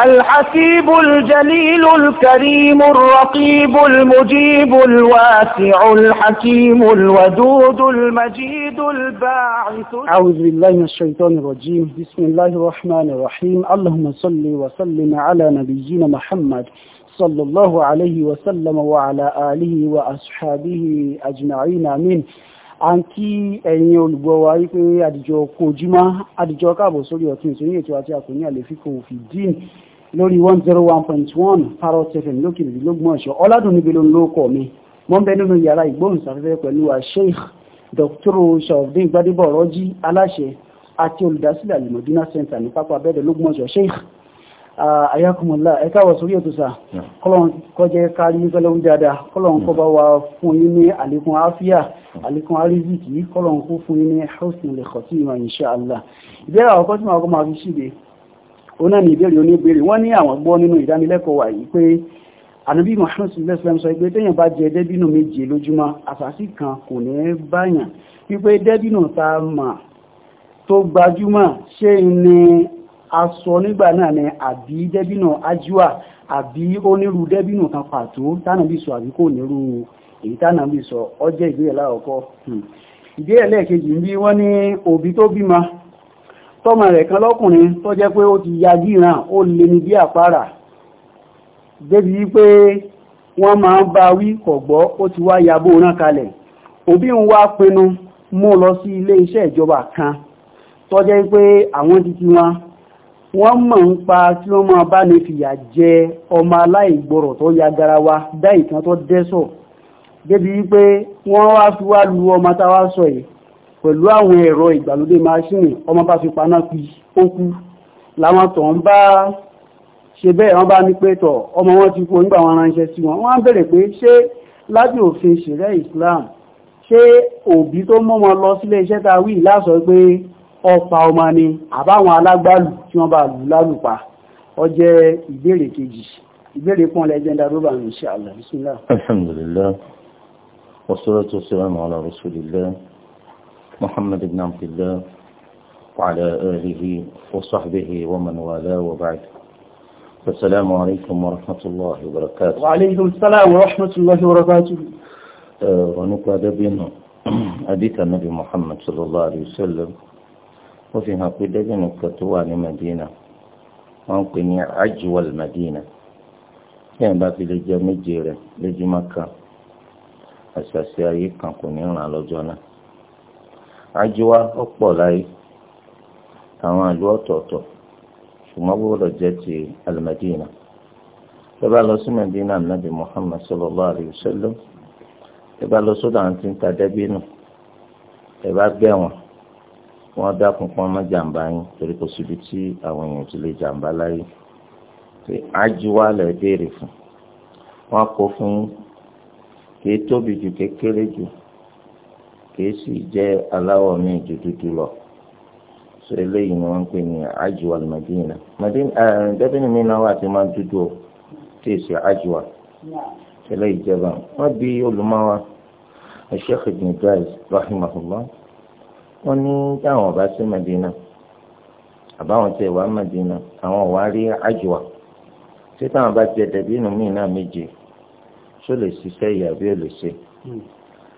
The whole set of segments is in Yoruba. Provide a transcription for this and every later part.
الحكيم الجليل الكريم الرقيب المجيب الواسع الحكيم الودود المجيد الباعث أعوذ بالله من الشيطان الرجيم بسم الله الرحمن الرحيم اللهم صل وسلم على نبينا محمد صلى الله عليه وسلم وعلى آله وأصحابه أجمعين آمين à ń kí ẹ̀yin olùgbọ́ wa wípé àdìjọ kojúmọ́ àdìjọ káàbọ̀ sórí ọ̀tún ìsòyìn ètò àti àkòní àlèfíkò fìdíìn lórí one zero one point one parrot fm lókèrèdínlógún ọ̀ṣọ́ ọ̀làdùn níbi ló ń lóko mi mo ń bẹ nínú yàrá ìgbóhùnsáfẹ́fẹ́ pẹ̀lú sheikh dr shaofdin gbadebo ọ̀rọ̀jì aláṣẹ àti olùdásílẹ̀ alimọ̀dínà center ní pápá abẹ́rẹ́ lógún ọ̀ṣọ́ sheikh ayakumula ẹka wà sórí ètò sá kọlọ̀n kọjẹ kárí pẹ́lẹ́wú dáadáa kọlọ̀n kọ bá wà fún yín ní àlékún àáfíà àlékún àrízìkì kọlọ̀n kó fún yín ní husnul khatima insha Allah ìbéèrè àwọn kọ́tí máa kọ́ máa fi ṣíde ó náà ní ìbéèrè oníbéèrè wọ́n ní àwọn gbọ́ nínú ìdánilẹ́kọ̀ọ́ wà yìí pé ànábì Muhammad sallallahu alaihi wasallam sọ pé téèyàn bá jẹ dẹ́bínú méje lójúmọ́ àsásí kan kò ní báyàn wípé dẹ́bínú tá a tó gbajúmọ̀ ṣé ní aṣọ nígbà náà ni àbí dẹ́bìnà ajíwà àbí onírú dẹ́bìnà kan pàtó tánàbí sọ àbí kò nírú èyí tánàbí sọ ọjẹ́ ìgbéyẹ̀ láàkọ́ hmm. ìgbéyẹ̀ lẹ́ẹ̀kejì ń bí wọ́n ní òbí tó bímọ tọ́mọ rẹ̀ kan lọ́kùnrin tó jẹ́ pé ó ti yajú ìran ó lè ní bí àpárà débi wípé wọ́n máa ń wí kọ̀gbọ́ ó ti wá yabó rán kalẹ̀ òbí ń wá pinnu mú lọ sí ilé iṣẹ́ ìjọba kan tó pé àwọn titi wọn wọ́n mọ̀ ń pa tí wọ́n máa bá ní fìyà jẹ ọmọ aláìgbọ́rọ̀ tó ya garawa dá ìtàn tó dẹ́sọ̀ débi wípé wọ́n wá fi wá lu ọmọ táwa sọ yìí pẹ̀lú àwọn ẹ̀rọ ìgbàlódé máṣíìnì ọmọ bá fi paná pi ó kú làwọn tó ń bá ṣe bẹ́ẹ̀ wọ́n bá ní pé tọ̀ ọmọ wọn ti kú nígbà wọn ránṣẹ́ sí wọn Islam ṣé òbí tó mọ́ wọn lọ sílé iṣẹ́ ọpa ọmọ ni àbáwọn alágbàlù tí wọ́n bá lù lálùpa ọ jẹ́ ìbéèrè kejì ìbéèrè pọ́n lẹ́jẹ́ndà rúbà ní ṣe àlàbísílà. alhamdulillah wassalatu wassalamu ala rasulillah muhammad ibn abdillah wa ala alihi wa sahbihi wa man wala wa ba'd assalamu alaykum wa rahmatullahi wa barakatuh. wa alaykum assalam wa rahmatullahi wa barakatuh. ọ̀rọ̀ nípa adébínú adíta nabi muhammad ó fi hàn pé dẹ́bìnì kan tó wà ní Madina wọ́n ń pè ní ajuwal Madina tí ẹ̀ bá fi lè jẹ méje rẹ̀ lójúmọ́ kan àṣàṣe ayé kan kò ní ràn lọ́jọ́ náà ajuwa ọ̀pọ̀ láyé àwọn àlú ọ̀tọ̀ọ̀tọ̀ ṣùgbọ́n gbọ́dọ̀ jẹ́ ti alimadina ẹ bá lọ sí madina nabi muhammad sallallahu alayhi wa sallam ẹ bá lọ sódà àti ń ta dẹ́bìnù bá bẹ̀ wọ́n dákun pọ́n má jàǹbá yín torí kò síbi tí àwọn èèyàn ti lè jàǹbá láyé pé ájúwá lẹ̀ béèrè fún wọ́n kó fún yín kìí tóbi jù kékeré jù kìí sì jẹ́ aláwọ̀ míì ju dúdú lọ so eléyìí ni wọ́n ń pè ní ájúwá lẹ́mọ̀dínà dẹ́bìnì mi náà wà tí máa dúdú o tí ì ṣe eléyìí jẹ́ báwọn wọ́n bí olùmọ́wá Sheikh Ibn Baz rahimahullah wọ́n ní táwọn ọba sí Madina àbáwọn tẹ wá Madina àwọn ọ̀wá rí àjùwà ṣé táwọn bá tiẹ̀ dẹ̀bí inú mi náà méje ṣó lè ṣiṣẹ́ ìyàbí ò lè ṣe hmm.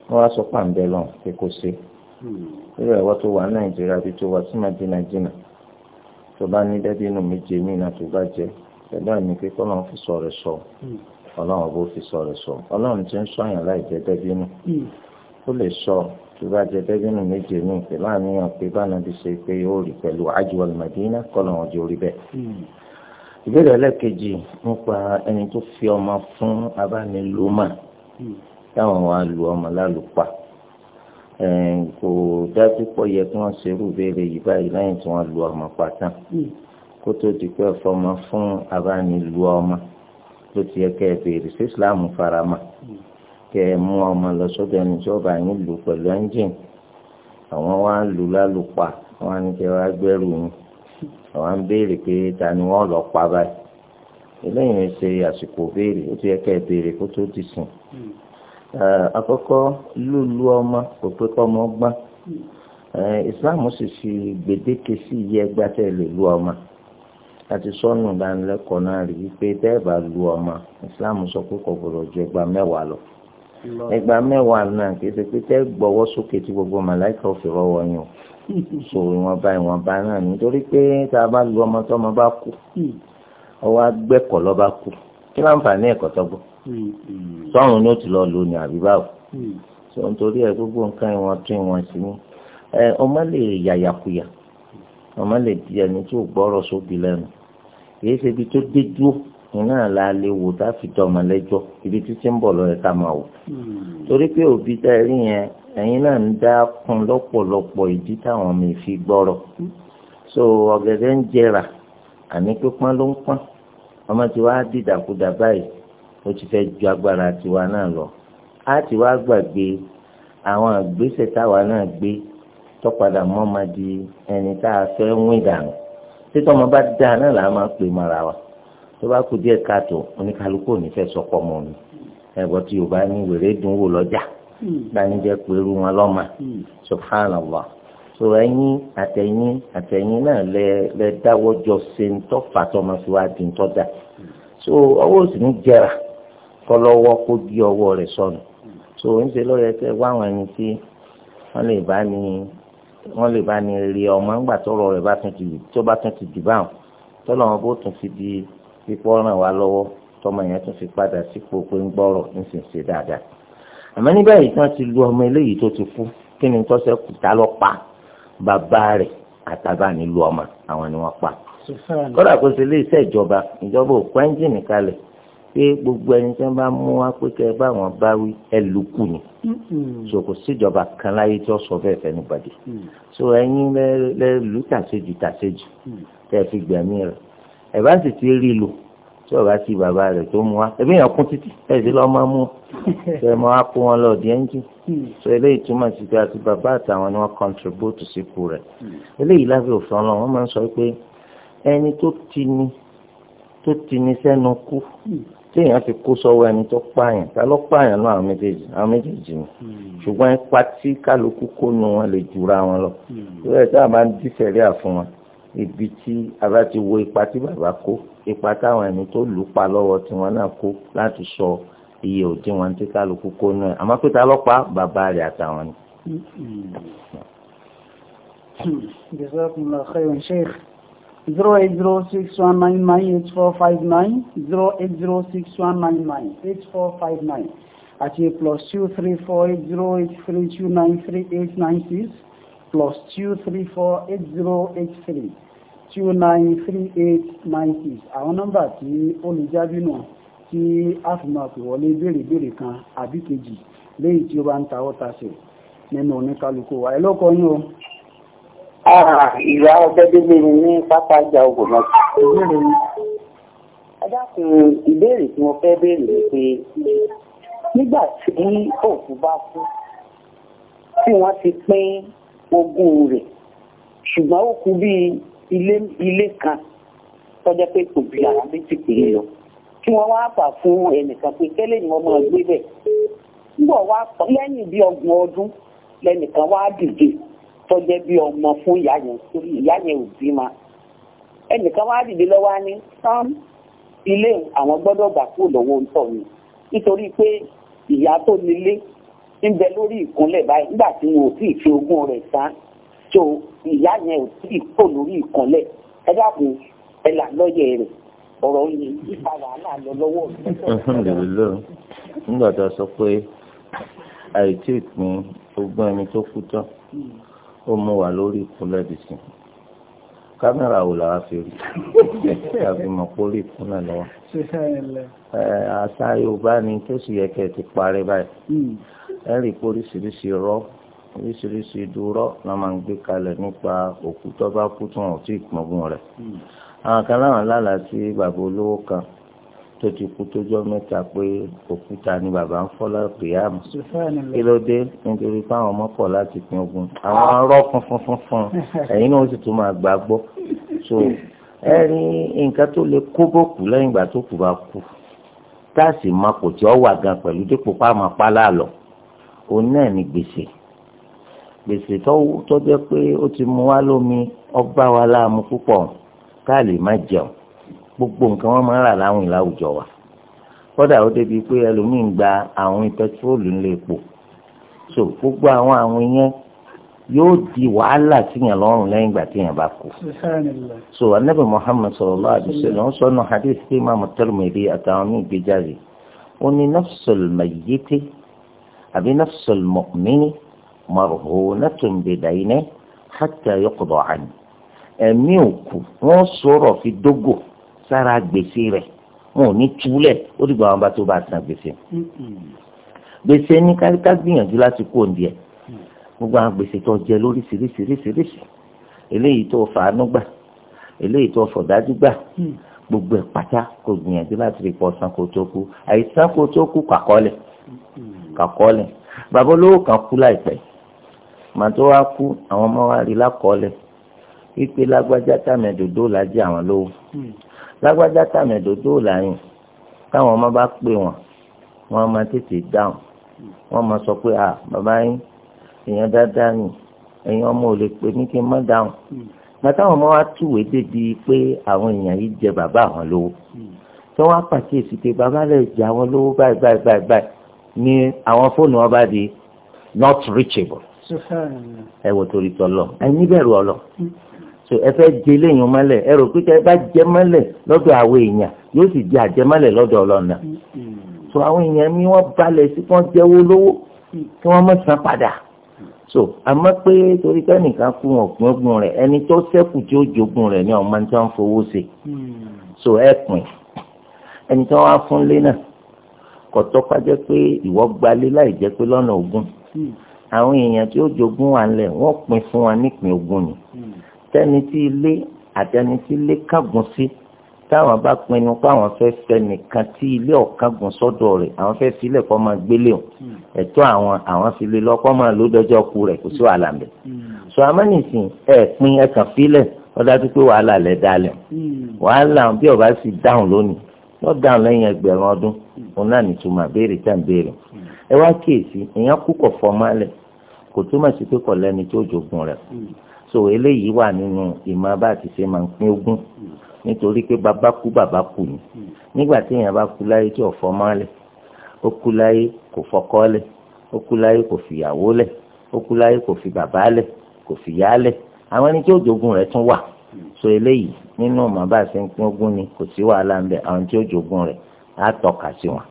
wọ́n wá sọ pàǹbẹ́ lọ pé kò ṣe hmm. irú ẹ̀wọ́ tó wà Nàìjíríà bí tó wà sí Madina jìnnà tó bá ní dẹ́bí inú méje mí náà tó bá jẹ pẹ̀lú àmì pé kọ́lọ́n fi sọ̀rọ̀ sọ hmm. ọlọ́run bó fi sọ̀rọ̀ sọ ọlọ́run ti ń sọ àyàn láì jẹ́ dẹ́bí inú ó lè sọ tó bá jẹ dẹ́gbẹ́nù méje ní pẹ̀lú àníyàn pé báwọn ti ṣe pé ó rí pẹ̀lú àjùwọ̀n màdínà kọ́lọ̀ wọn jẹ́ orí bẹ́ẹ̀. ìbéèrè ẹlẹ́kejì nípa ẹni tó fi ọmọ fún abánilómà hmm. táwọn wa lu ọmọ lálùpà kò dájú pọ̀ yẹ kí wọ́n ṣerú ìbéèrè yìí báyìí lẹ́yìn tí wọ́n lu ọmọ pátá hmm. kó tó di pé fọmọ fún abánilu ló ti yẹ kẹ́ ẹ béèrè sí Islam farama. Mm kẹ ẹ mú ọmọ lọ sọ́dọ̀ ẹni tí ọba yín lù pẹ̀lú ẹ́ńjìn àwọn wá ń lù lálùpà wọn ní kẹ wá gbẹ́rù yín àwọn ń béèrè pé ta ni wọ́n lọ pa báyìí eléyìí ṣe àsìkò béèrè ó ti yẹ kẹ ẹ béèrè kó tó ti sùn àkọ́kọ́ lùlù ọmọ kò pé kọ́ ọmọ gbọ́n ìsìláàmù sì fi gbèdéke sí iye ẹgbẹ́ tẹ́ lè lu ọmọ àti sọ́nù ìdánilẹ́kọ̀ọ́ náà rí i pé tẹ́ ẹ bá lu ọmọ ìsìláàmù sọ pé kò gbọdọ̀ ju ẹgbàá mẹ́wàá lọ ẹgbàá mẹ́wàá náà kì í ṣe pé tẹ́ gbọ́wọ́ sókè tí gbogbo màláìka ò fi rọwọ́ yín o so ìwọ̀nba ìwọ̀nba náà nítorí pé tá a bá lu ọmọ tó ọmọ bá kú ọwọ́ agbẹ́kọ̀ lọ́ bá kú kí láǹfààní ẹ̀kọ́ tọ́gbọ́ sọ́run ni ó ti lọ lò ní àbíbáwò so nítorí ẹ gbogbo nǹkan ìwọ̀n tún ìwọ̀n sí ni ọmọ lè yàyàkuyà ọmọ lè di ẹni tó gbọ́rọ̀ sóbi lẹ́nu kì í ṣe ibi tó dé dúró iná la lè wò tá a fi tọ́ ọmọ lẹ́jọ́ ibi títí ń bọ̀ lọ́yẹ ká máa wò. Hmm. torí pé òbí tá ẹ rí yẹn ẹ̀yin náà ń dá kún lọ́pọ̀lọpọ̀ ìdí táwọn mi fi gbọ́rọ̀. so ọ̀gẹ̀dẹ̀ ń jẹrà àní pípọ́n ló ń pọ́n ọmọ tí wàá dìdàkudà báyìí ó ti fẹ́ ju agbára tiwa náà lọ. a ti wá gbàgbé àwọn àgbésẹ̀ táwa náà gbé tọ́padà mọ́ máa di ẹni tá a fẹ́ wín dànù títọ́ ọmọ bá dáa náà làá máa pè mọ́ra wa tó bá kù díẹ̀ káàtó oníkálukú ò ní fẹ́ sọpọ̀ mọ́ mi ẹ̀bọ̀ tí yorùbá ní wèrè dùnwó lọ́jà dání hmm. jẹ́ pẹ̀lú wọn lọ́mà hmm. subhanallah so ẹ̀yin àtẹ̀yin àtẹ̀yin náà lẹ lẹ dáwọ́ jọ ṣe ń tọ́fà tọmọ sí wàá di ń tọ́ da so ọwọ́ òsì ní jẹrà kọlọ́wọ́ kó di ọwọ́ rẹ̀ sọnù so ń ṣe lọ́yẹ tẹ wá àwọn ẹni tí wọ́n lè bá ní wọ́n lè bá ní rí ọmọ ńgbà tọrọ rẹ̀ bá tún ti tó báwọn tọ́lọ́ wọn bó tún fi di pípọ́ ràn wá lọ́wọ́ tọmọ yẹn tún fi padà sípò pé ń gbọ́rọ̀ ń sì ń ṣe dáadáa àmọ́ ní báyìí tí wọ́n ti lu ọmọ eléyìí tó ti kú kí ni tọ́sẹ̀ kù tá lọ pa bàbá rẹ̀ àtàbà ní lu ọmọ àwọn ni wọ́n pa kódà kó ṣe lé iṣẹ́ ìjọba ìjọba òkú ẹ́ńjìnì kalẹ̀ pé gbogbo ẹni tí wọ́n bá mú wá pé kẹ́ ẹ bá wọn bá wí ẹ lù kù ni so kò síjọba kan láyé tí wọ́n sọ bẹ́ẹ̀ fẹ́ nígbàdì mm. so ẹ̀yin lẹ́ tàṣejù tàṣejù mm. tẹ́ fi gbẹ̀mí rẹ̀ ẹ bá sì ti rí lò tí ọba sí bàbá rẹ̀ tó mú wa ẹbí yẹn kún títì ẹsẹ lọ máa mú ṣe é máa kó wọn lọ di ẹnjì ṣe eléyìí túmọ̀ sí pé àti bàbá àtàwọn ni wọ́n contribute síkú rẹ̀ eléyìí lábẹ́ òfin ọlọ́run wọ́n máa ń sọ pé ẹni tó ti ní tó ti ní sẹ́nu kú téèyàn ti kó sọ́wọ́ ẹni tó pààyàn ta ló pààyàn náà àwọn méjèèjì àwọn méjèèjì ni ṣùgbọ́n ipa tí kálukú kó nu wọn lè jura wọn lọ ìwé ẹ̀ a máa ibi tí a bá ti wo ipa tí bàbá kó ipa táwọn ẹni tó lù ú pa lọ́wọ́ tiwọn náà kó láti sọ iye òdiwọ̀n tí kálukú kó náà àmọ́ pé ta ló pa bàbá rẹ̀ àtàwọn ni. Jazakumullahu khairan Sheikh. 08061998459 nine àti plus two three four eight 2348083293896 plus three two nine three eight nine six àwọn nọ́mbà tí olùjábí náà tí a fi máa pè wọlé béèrè béèrè kan àbí kejì lẹ́yìn tí ó bá ń ta ọ́ta ṣe nínú oníkálukú wa ẹ lọ́kọ yín o. Ah, ìyá ọgbẹ́ dédé mi ní pápá ìjà ogun náà. ìbéèrè mi. ẹ dákun ìbéèrè tí mo fẹ́ béèrè ni pé nígbà tí òkú bá kú tí wọ́n ti pín ogún rẹ̀ ṣùgbọ́n ó kú bíi ilé ilé kan tọ́jọ́ pé kò bí àwọn méjì péré lọ kí wọ́n wá fà fún ẹnìkan pé kẹ́lẹ́ ni wọ́n máa gbé bẹ̀ nígbà wá lẹ́yìn bí ọgbọ̀n ọdún lẹ́nìkan wá dìde tọ́jọ́ bí ọmọ fún ìyá yẹn torí ìyá yẹn ò bí ma ẹnìkan wá dìde lọ́wọ́ á ní sán ilé àwọn gbọ́dọ̀ gbà kúrò lọ́wọ́ ń tọ̀ ni nítorí pé ìyá tó nílé ń bẹ lórí ìkúnlẹ̀ báyìí nígbà tí wọn ò tí ì fi ogún rẹ̀ sán tó ìyá yẹn ò tí ì kó lórí ìkànlẹ̀ ẹ dákun ẹ là lọ́yẹ̀ rẹ̀ ọ̀rọ̀ yìí nípa wàhálà lọ lọ́wọ́. alhamdulilayi nígbà tá a sọ pé àìtí ìpín ogún ẹni tó kú tán ó mú wa lórí ìkúnlẹ̀ bìsìn kámẹ́rà wò làwa fi rí àfi mọ̀ pé orí ìkúnlẹ̀ lọ́wọ́ àṣà yorùbá ni tó sì yẹ kẹ́ ẹ ti parí báyìí hmm. ẹ rí i pé oríṣiríṣi rọ́ọ̀ oríṣiríṣi ìdúró la máa ń gbé kalẹ̀ nípa òkú tó bá kú tí wọn ò tí ì pọngun rẹ̀ hmm. àwọn kan láwọn lálàá sí bàbá olówó kan tó ti kú tójọ́ mẹ́ta pé òkúta ni bàbá ń fọ́ lápèyàmù kí ló dé nítorí fáwọn ọmọ pọ̀ láti pín ogun àwọn arọ́ funfun funfun ẹ̀yin náà ó sì tún máa gbàgbọ́ so ẹ ní nǹkan tó lè kó bòkú lẹ́yìn ìgbà tó kù bá kú táàsì máa kò tí ọ wà gan pẹ̀lú dípò pàmò pálá lọ òun náà gbèsè gbèsè tó jẹ́ pé ó ti mu wá lómi ọgbà wa láàmú púpọ̀ ká lè má jẹun gbogbo nǹkan wọn máa ń rà láwìn láwùjọ wa kódà ó débi pé ẹlòmíín gba àwọn pẹtrólù ńlẹ epo so gbogbo àwọn àwọn yẹn yóò di wàhálà tìyàn lọ́rùn lẹ́yìn ìgbà tìyàn bá kú. so anabi muhammad sallallahu alaihi wasallam sọnù hadith tí imaamu Tirmidhi àtàwọn míín gbé jáde ó ní nafsul mayyiti àbí nafsul mu'mini marhunatun bidayni hatta yuqda anhu ẹ̀mí òkú wọ́n sọ̀rọ̀ fi dógò sára gbèsè rẹ̀ wọn ò ní túlẹ̀ ó dìgbà wọn bá tó bá san gbèsè gbèsè ní ká gbìyànjú láti kó òǹdíẹ̀ gbogbo àwọn gbèsè tó jẹ lóríṣiríṣiríṣiríṣi eléyìí tó fàánú gbà eléyìí tó fọ̀dájú gbà gbogbo ẹ̀ pátá kò gbìyànjú láti rí pọ̀ san kó tó kú àìsàn kó tó kú kàkọ́lẹ̀ kàkọ́lẹ̀ bàbá olówó kan kú láìpẹ́ yìí màá tó wá kú àwọn ọmọ wa rí lákọọ́lẹ̀ wípé lágbájá tàmẹ̀dòdó là jẹ́ àwọn lówó hmm. lágbájá tàmẹ̀dòdó là yìn táwọn ọmọ bá pè wọ́n wọ́n máa tètè dáhùn wọ́n máa sọ pé à bàbá yín èèyàn dáadáa ni ẹ̀yin ọmọ ò lè pè mí kí n má dáhùn hmm. gbàtàwọn ọmọ wa túwèé débi pé àwọn èèyàn yìí jẹ bàbá àwọn lówó hmm. tí wọ́n pàkíyèsí pé bàbá lè jẹ àwọn lówó báyìí báyìí báyìí ni àwọn fóònù wọn bá di not reachable ẹ wò torí tọlọ ẹ níbẹ̀rù ọlọ so ẹ fẹ́ jẹ léyìn mọ́lẹ̀ ẹ rò pé tẹ bá jẹ mọ́lẹ̀ lọ́dọ̀ àwọn èèyàn yóò sì di àjẹmọ́lẹ̀ lọ́dọ̀ ọlọ́nà so àwọn èèyàn mi wọ́n balẹ̀ sí wọ́n jẹ́wọ́ lówó kí wọ́n má san padà so àmọ́ pé torí kẹ́nìkan kú ọ̀gbìn ogun rẹ̀ ẹni tó sẹ́kù tí ó jogun rẹ̀ ni ọmọ tí wọ́n fowó se, so ẹ pin ẹni tí wọ́n á fún lé náà kọ̀tọ́pá jẹ́ pé ìwọ gbalé láì jẹ́ pé lọ́nà ogun àwọn èèyàn tí ó jogún wa lẹ̀ wọ́n pín fún wa nípìn ogún ni tẹ́ni tí ilé àtẹni tí ilé kángun sí táwọn bá pinnu pé àwọn fẹ́ fẹ́ nìkan tí ilé ọ̀kángun sọ́dọ̀ rẹ̀ àwọn fẹ́ filẹ̀ kọ́ máa gbélé o ẹ̀tọ́ àwọn àwọn filẹ̀ lọ́kọ́ máa ló dọ́jọ́ ku rẹ̀ kò sí wàhálà mẹ́. sọ amánìsìn ẹ̀ pin ẹ̀kàn filẹ̀ wọ́n dájú pé wàhálà lẹ̀ dalẹ̀ wàhálà bí ọba sì dáhùn lónìí wọ́n dáhùn lẹ́yìn ẹgbẹ̀rún ọdún òun náà nìtumọ̀ béèrè tá ń béèrè ẹ wá kíyèsí èèyàn kúkọ̀ fọ́ máa kò túmọ̀ sí pé kọ̀ lẹ́ni tí ó jogun rẹ̀ hmm. so eléyìí wà nínú ìmọ̀ bá ti ṣe máa ń pín ogún hmm. nítorí pé bàbá kú bàbá kú ni hmm. nígbà tí èèyàn bá kú láyé tí ò fọmọ lẹ̀ ó kú láyé kò fọkọ lẹ̀ ó kú láyé kò fìyàwó lẹ̀ ó kú láyé kò fi bàbá lẹ̀ kò fìyá lẹ̀ àwọn ẹni tí ó jogun rẹ̀ tún wà so eléyìí nínú ìmọ̀ bá ṣe ń pín ogún ni kò sí wàhálà ń bẹ àwọn tí ó jogun rẹ̀ á tọ́ka sí wọn.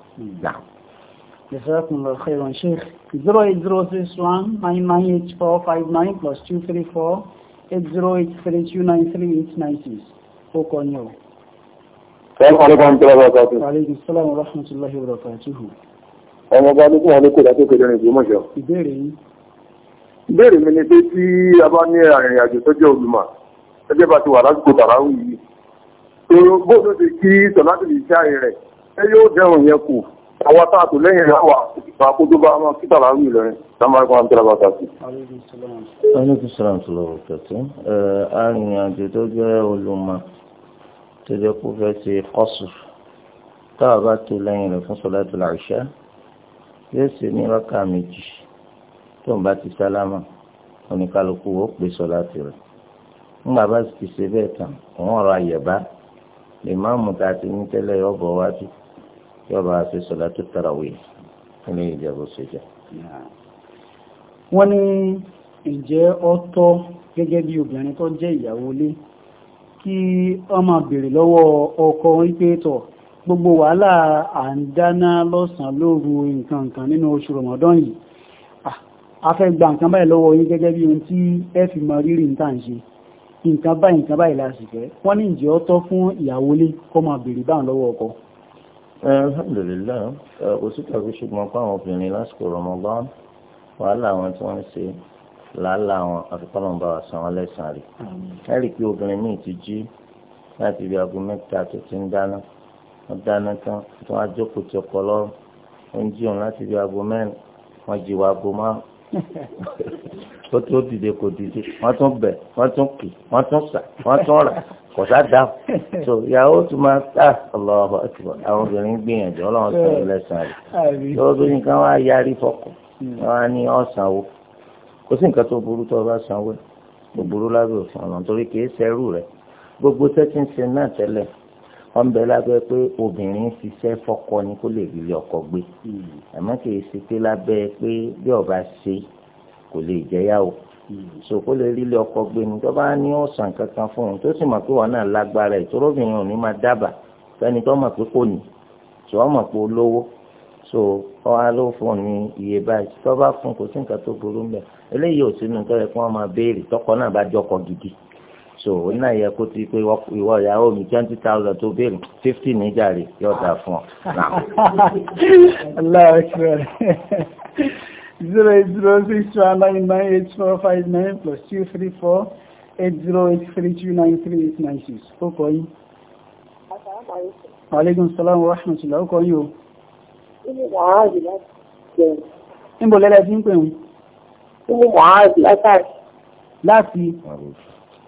Jazakumullah khairan Sheikh. 08061 998 plus 234 8083293896. Ó kọ ní ọ̀. Ọmọ ọba ní kí wọ́n lé kò dá tó kéde rìn ìgbìmọ̀ṣọ́. Ìbéèrè yìí. Ìbéèrè mi ni pé tí a bá ní arìnrìn àjò tó jẹ́ olùmọ̀, ẹgbẹ́ bá ti wà lásìkò tàràwù yìí. Bóòdó ti kí Sọ̀látìlì ṣáà rẹ̀, ẹ yóò dẹ̀rùn yẹn kù àwọn tá a tò lẹ́yìn rẹ̀ wà fún akójó bá wọn kí tàbá rí ìlọrin sàmárì kan tẹ́lá bá tàbí. aleykum salaam tó lọ kẹtù arìnrìnàjò tó jẹ́ olùmọ̀ tó jẹ́ kó fẹ́ ṣe kọ́sù tá bá tò lẹ́yìn rẹ̀ fún sọ̀láàtù làṣà yóò ṣe ní rákà méjì tó ń bá ti sálámà oníkálukú ó pè sọ̀láàtù rẹ̀ ńgbà bá ti ṣe bẹ́ẹ̀ tán òun ọ̀rọ̀ àyẹ̀bá lè má ti ní tẹ́lẹ̀ ọ̀bọ̀ wájú yọba ṣe sọ̀lá tó tàràwé nínú ìjẹ́bù ṣèjẹ́. wọ́n ní ǹjẹ́ ọ̀tọ̀ gẹ́gẹ́ bí obìnrin tó jẹ́ ìyàwó ilé kí ó máa béèrè lọ́wọ́ ọkọ wípé tọ̀ gbogbo wàhálà à ń dáná lọ́sàn-án lóru nǹkan kan nínú oṣù Ramadan yìí a fẹ́ gba nǹkan báyìí lọ́wọ́ yín gẹ́gẹ́ bí ohun tí ẹ fi mọ rírì ń ń ṣe nǹkan báyìí nǹkan báyìí la fẹ́ wọ́n ní ǹjẹ́ ọ̀tọ̀ fún ìyàwó ilé kó máa béèrè báwọn lọ́wọ́ ọkọ alhamdulilayi eh, kò sí tàbí ṣùgbọ́n pé àwọn obìnrin lásìkò Ramadan wàhálà àwọn tí wọ́n ń ṣe làálàá àwọn àfikọ́nàmbá àṣà wọn lẹ́sàn-án rẹ̀ ẹ rí i pé obìnrin míì ti jí láti ibi aago mẹ́ta tó ti ń dáná wọ́n dáná tán tó wá jókòó ti ọkọ lọ́rùn ó ń jí òun láti ibi aago mẹ́rin wọ́n jí wa aago márùn ó tó dìde kò dìde wọ́n tún bẹ̀ wọ́n tún kì wọ́n tún sà wọ́n tún rà kò sá dáhùn so ìyàwó tún máa ta ọlọ́wọ́ àwọn obìnrin gbìyànjú ọlọ́run sọ̀rọ̀ lẹ́sàn-án rẹ̀ tó obìnrin kan wá yarí fọkọ̀ hmm. wọ́n á ní ọ̀sánwó kò sí nǹkan tó burú tó o bá sanwó kò burú lábẹ́ òfin ọ̀nà torí kì í ṣerú rẹ̀ gbogbo tẹ́tí ń ṣe náà tẹ́lẹ̀ wọ́n bẹ lábẹ́ pé obìnrin ṣiṣẹ́ fọ́kọ ni kó lè rí ọkọ gbé àmọ́ kì í ṣe pé lábẹ́ pé bí ọba ṣe kò lè jẹ́yàwó so kó lè rí ọkọ gbé ni tó bá ní ọ̀sán kankan fún un tó sì mọ̀ pé wọn náà lágbára ẹ̀ tóró obìnrin ò ní máa dábàá fẹ́ni tó mọ̀ pé kò ní tó mọ̀ pé olówó so ọ̀hán ló fún un ní iye báyìí tó fún kò sí nǹkan tó burú mbẹ eléyìí ò sínú tó yẹ kí wọ́n máa béèrè tọkọ náà bá jọkọ gidi so ó yẹ kó ti pé ìwọ ìyàwó mi twenty thousand tó béèrè fifty níjàre yóò dà fún ọ. aláwọ̀ ṣe zero eight zero six one nine nine eight four five nine plus two three four eight zero eight three two nine three eight nine six ó kọ yín. Aleykum salaam wa rahmatulah ó kọ yín o. Níbo lẹ́lẹ́ fi ń pè wọ́n? Ibi wàhálì látàrí. Láti.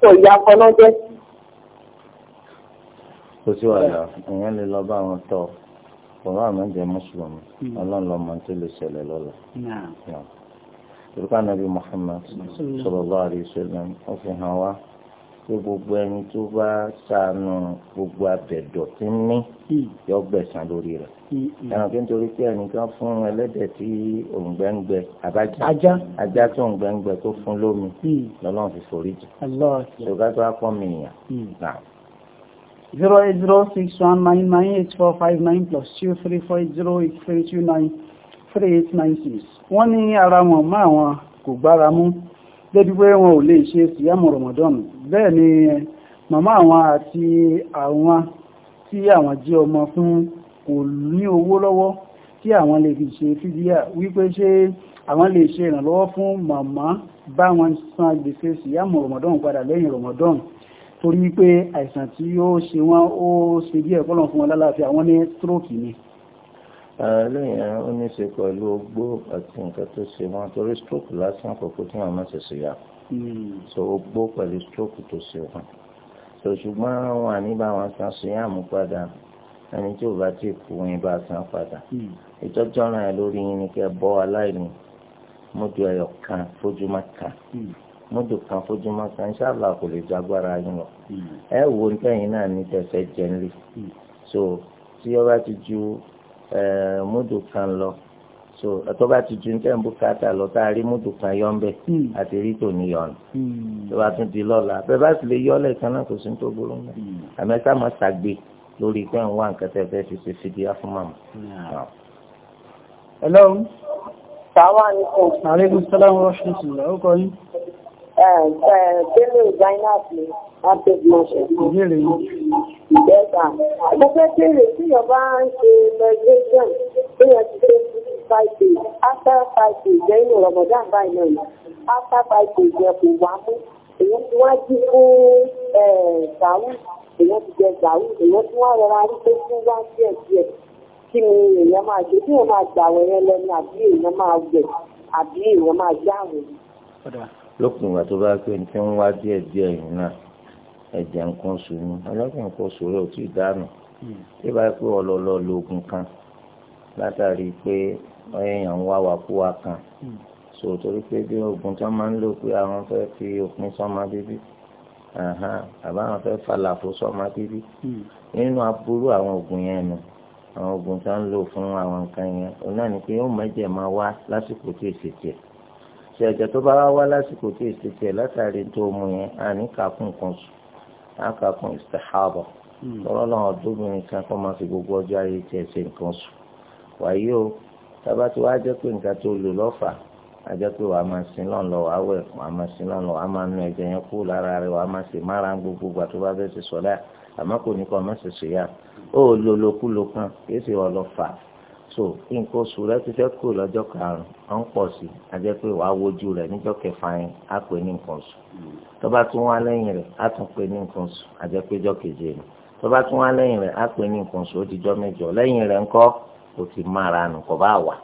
kò yá fọlọ́ jẹ́. kò sí wàhálà ìyẹn lè lọ bá wọn tọ bàbá àmọ́ jẹ́ mùsùlùmí hmm. ọlọ́ọ̀lọ́ máa tó lè ṣẹlẹ̀ lọ́la. ìrúkà nàbí Muhammad sallallahu alaihi wasallam hàn wá tó gbogbo ẹni tó bá sànù gbogbo abẹ̀dọ̀ tí ń ní yọ gbẹ̀sán lórí rẹ̀. Mm-hmm. ẹran kí n torí pé ẹnìkan fún ẹlẹ́dẹ̀ tí òǹgbẹ́ǹgbẹ àbájá ajá tó òǹgbẹ́ǹgbẹ tó fún lómi mm-hmm. lọ́lọ́run fi forí jù. ṣùgbọ́n tó wá pọ̀ mí ìyàn. zero eight zero six one nine nine eight four five nine plus two three four eight zero eight three two nine three eight nine six. wọ́n ní ara wọn mọ́ àwọn kò gbára mú débi pé wọn ò lè ṣe síyàmù Ramadan bẹ́ẹ̀ ni màmá àwọn àti àwọn tí àwọn jẹ́ ọmọ fún kò ní owó lọ́wọ́ tí àwọn lè fi ṣe fídíà wípé ṣé àwọn lè ṣe ìrànlọ́wọ́ fún màmá bá wọn san gbèsè síyàmù Ramadan padà lẹ́yìn Ramadan torí pé àìsàn tí ó ṣe wọn ó ṣe díẹ̀ kọ́lọ̀ fún wọn lálàáfíà wọn ní stroke ni lẹ́yìn ó ní í ṣe pẹ̀lú ogbó àti nǹkan tó ṣe wọn torí stroke lásán àkọ́kọ́ tí màmá ṣe ṣe yà hmm. so ogbó pẹ̀lú stroke tó ṣe wọn so ṣùgbọ́n wọn àní bá wọn san ṣe yà mú padà ẹni tí ò bá ti kú yín bá san padà hmm. ìtọ́jú ọ̀ràn ẹ̀ lórí yín ni kẹ́ bọ́ aláìní mọ́tò ẹ̀yọ̀ kan fójúmọ́ kan mọ́tò hmm. kan fójúmọ́ kan ṣáàlà kò lè jagbára yín lọ ẹ wo ní tẹ̀yìn náà ní tẹ̀sẹ̀ jẹ́ ńlẹ̀ so tí ọba ti ju Eh, múdù kan lọ so ẹtọ́ bá ti ju nítorí bùkátà lọ tá a rí múdù kan yọ ń bẹ̀ àti hmm. rí tòní yọ ni hmm. tó bá tún di lọ́la bẹ́ẹ̀ bá sì lè yọ lẹ́ẹ̀kan náà kò sí ní tó burú mọ́ àmẹ́sà máa ṣàgbé lórí pé ń wá nǹkan tẹ́ fẹ́ fi ṣe fìdíyà fún màmá. Hmm. Hello. sàwọn àlejò. àlejò sọlá rọ́ṣùn sílẹ̀ ó yín. Bẹ́ẹ̀ni um, uh, Zainab ni wọ́n tó bí wọ́n ṣe. Ìbéèrè yìí. Ìbẹ́ta. Mo fẹ́ béèrè tí ìyọba ń ṣe migration tó yẹ ti ṣe five days after five days jẹ́ inú Ramadan báyìí náà yìí after five days yẹn kò wá mú èyí tí wọ́n jí fún gàù eh, èyí ti jẹ gàù èyí tí wọ́n rọra rí pé fún wá díẹ̀ díẹ̀ kí ni èèyàn máa ṣe bí èèyàn máa gbà wẹ̀yẹn lẹ́nu àbí èèyàn máa wẹ̀ àbí èèyàn máa jáwèé lópin ìgbà tó bá pé ní tí ń wá díẹ̀ díẹ̀ yìí náà ẹ̀jẹ̀ nǹkan sùn ní ọlọ́gbìn nǹkan sòrò tí ì dànù hmm. tí bá pé ọlọlọ lóògùn kan látàrí pé èèyàn ń wá wàkúwà kan hmm. so torí pé bí oògùn tí wọ́n máa ń lò pé àwọn fẹ́ fi òpin sọ́mọ bíbí àbá àwọn fẹ́ falàfo sọ́mọ bíbí hmm. nínú aburú àwọn oògùn yẹn nù àwọn oògùn tí wọ́n ń lò fún àwọn nǹkan yẹn òun náà ni pé ó mẹ́jẹ̀ máa wá lásìkò tí èsì tiẹ̀ ṣẹ̀jẹ̀ tó bá wá lásìkò tí èsì tiẹ̀ látàrí tó mú yẹn àní kàkún kan sùn àkàkún istihaba tọ́lọ́ hmm. náà ọdúnbìnrin kan kọ́ máa fi gbogbo ọjọ́ ayé tiẹ̀ ṣe nǹkan sùn wàyí o tábà tí wàá jẹ́ pé nǹkan tó lò lọ́fà á jẹ́ pé wàá máa sin lọ́n lọ wàá wẹ̀ wàá máa sin lọ́n lọ wàá máa nu ẹ̀jẹ̀ yẹn kú lára rẹ̀ wàá máa sì mára gbogbo gbà tó bá fẹ́ ṣe so nǹkan oṣù rẹ ti fẹ́ kúrò lọ́jọ́ karùn-ún ọ̀n pọ̀ sí a jẹ́ pé wàá wojú rẹ̀ níjọ́ kẹfà yẹn á pè ní nǹkan tún wá lẹ́yìn rẹ̀ á tún pè ní nǹkan a pé jọ́ keje ni tó tún wá lẹ́yìn rẹ̀ á pè ní nǹkan ó jọ́ mẹ́jọ lẹ́yìn ti mara nù kò bá wà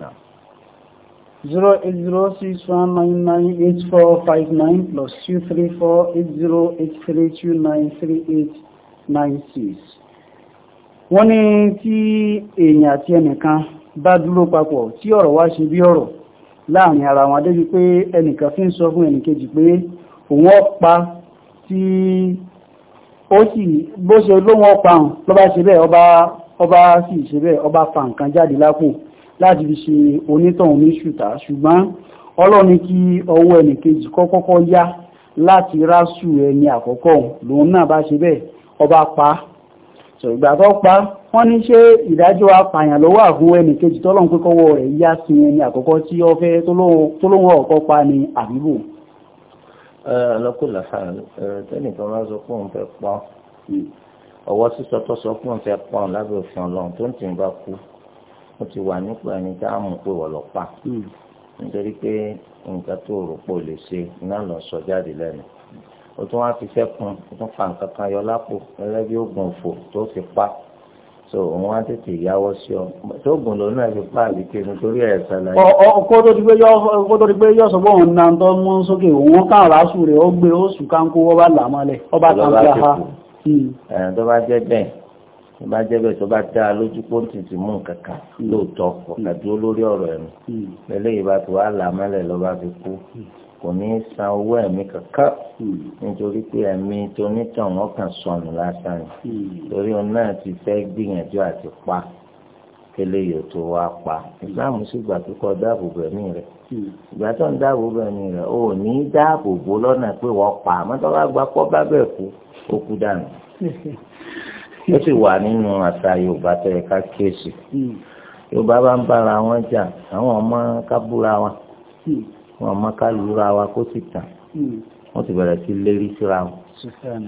lọ. 08061998459 plus 2348083293896. wọ́n ní tí èèyàn àti ẹnìkan bá dúró papọ̀ tí ọ̀rọ̀ wá ṣe bí ọ̀rọ̀ láàrin ara wọn débi pé ẹnìkan fi ń sọ fún ẹnìkejì pé òun ọ̀pá tí ó sì bó ṣe lóhun ọ̀pá hàn lọ́ba ṣe bẹ́ẹ̀ ọba sì ṣe bẹ́ẹ̀ ọba fa nǹkan jáde lápò láti fi ṣe onítọ̀hún ní ṣùtà ṣùgbọ́n ọlọ́run ní kí ọwọ́ ẹnìkejì kọ́kọ́kọ́ yá láti rásù ẹni àkọ́kọ́ lòun náà bá ṣe bẹ́ẹ̀ ọba pa sọ ìgbà tó pa wọ́n ní ṣé ìdájọ́ apààyàn lọ́wọ́ àfún ẹnìkejì tọ́lọ́run pé kọ́wọ́ rẹ̀ yá sí ẹni àkọ́kọ́ tí ó fẹ́ ọ̀kọ́ pa ni àbíbò. ọlọ́kùnrin làfà tẹ́nìkan máa sọ pé òun fẹ́ pọ́n hmm. ọwọ́ sísọ tó sọ pé òun fẹ́ pọ́n lábẹ́ òfin ọlọ́run tó ń wọ́n ti wà nípò ẹni tá a mú pé wọ́n lọ pa hmm. nítorí pé nǹkan tó rò pò lè ṣe iná lọ sọ jáde lẹ́nu o tún wá fi sẹ́kun o tún fa nǹkan kan yọ lápò gẹ́gẹ́ bí oògùn òfò tó fi pa so òun wá tètè yáwọ́ sí ọ tó oògùn lòun náà fi pa àbíké nítorí ẹ̀ ṣàlàyé. ọkọ tó ti gbé yọ sọ pé òun náà tó mú sókè òun kàn ràásù rẹ̀ ó gbé ó sùn kánkó ọba làmọ́lẹ̀ ọba kan bí a ha. Hmm. ẹ̀ tó bá jẹ́ bẹ́ẹ̀ tó bá jẹ́ bẹ́ẹ̀ tó bá dá a lójú pé ó ti ti mú nǹkan kan lóòótọ́ ọ̀kà dúró lórí ọ̀rọ̀ ẹ̀mí hmm. lẹ́lẹ́yìí bá ti wá là mẹ́lẹ̀ lọ́ bá fi kú hmm. kò ní í san owó ẹ̀mí kankan hmm. nítorí pé ẹ̀mí tonítàn wọn kàn sọnù lásán ni torí òun náà ti fẹ́ gbìyànjú àti pa kele yòó tó wá pa ìsìláàmù sì gbà kíkọ dáàbò bò ẹ̀mí rẹ̀ ìgbà tó ń dáàbò ẹ̀mí rẹ̀ ò ní dáàbò bò lọ́nà pé wọ́n pa àmọ́ tó bá gbà pọ́ bá bẹ̀ kú ó kú dànù. ó sì wà nínú àṣà yorùbá tó yẹ ká kíyèsí yorùbá bá ń bára wọn jà àwọn ọmọ ká búra wa hmm. wọn ọmọ ká lura wa kó sì tàn hmm. wọn ti bẹ̀rẹ̀ sí lérí síra wọn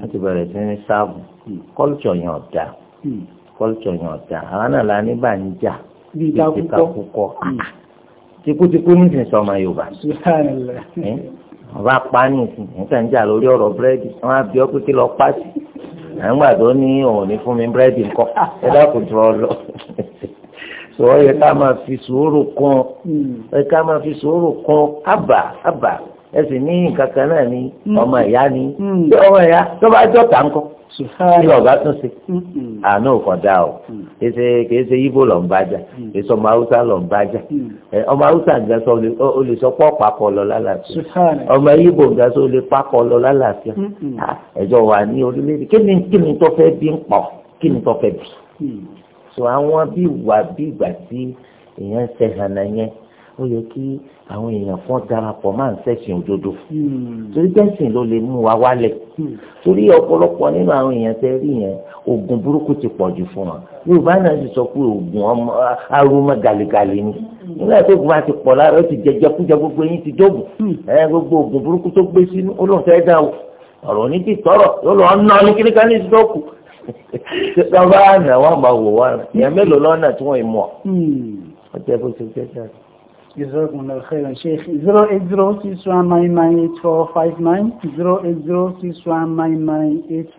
wọn ti bẹ̀rẹ̀ sí ní sáàbù kọ́lùtọ̀ hmm. yẹn ọ̀dà kọ́lùtọ̀ yẹn ọ̀dà àwọn náà la bá ń jà bíi kakúkọ tikutikú ní ìsìn sọmọ yorùbá eh? wọn pa ní ìsìn níta ń jà lórí ọ̀rọ̀ búrẹ́dì wọn á bí ọ lọ pa sí àgbà tó ní òun ní fún mi búrẹ́dì ńkọ́ ẹ dákun tó ọ lọ sọ yẹ ká máa fi sùúrù kún hmm. ẹ ká máa fi sùúrù kún àbà àbà ẹ sì ní nǹkan kan náà ní hmm. ọmọ ìyá ní hmm. ọmọ ìyá tó bá jọ tà ńkọ́ kí ọba tún ṣe àánú kan dá o kìí ṣe ibo lọ ń bájà mm. kìí ṣe ọmọ haúsá lọ ń bájà mm. ọmọ haúsá ń gbàsọ o lè sọ pọ́ papọ̀ lọ lálàáfíà ọmọ ibo ń gbàsọ o lè papọ̀ lọ lálàáfíà ẹjọ́ wà ní orílẹ̀-èdè kí ni kí ni tó fẹ́ bí ń pọ̀ kí tó fẹ́ bí. Mm. so àwọn bí wà bí ìgbà tí èèyàn ń ṣe hànà yẹn ó yẹ kí àwọn èèyàn fún darapọ̀ máa ń ṣẹ̀sìn òdodo hmm. torí bẹ́sìn ló lè mú wa wálẹ̀ hmm. torí ọ̀pọ̀lọpọ̀ nínú àwọn èèyàn tẹ́ rí yẹn oògùn burúkú ti pọ̀ jù fún wọn yorùbá náà sì sọ pé oògùn ọmọ arúmọ gàlégàlé ni hmm. nígbà tó oògùn bá ti pọ̀ lára ó ti jẹjẹ kújẹ gbogbo eyín ti dógùn ẹ gbogbo oògùn burúkú tó gbé sínú olóhùn fẹ́ dá o ọ̀rọ̀ ní ti tọrọ yóò lọ ná ní kíníkà ní ìsìdókù lọ́ba àná wọn máa wò wá èèyàn mélòó lọ́nà tí wọ́n ì mọ̀ ọ́ Jazakumullah khairan Sheikh 08061998459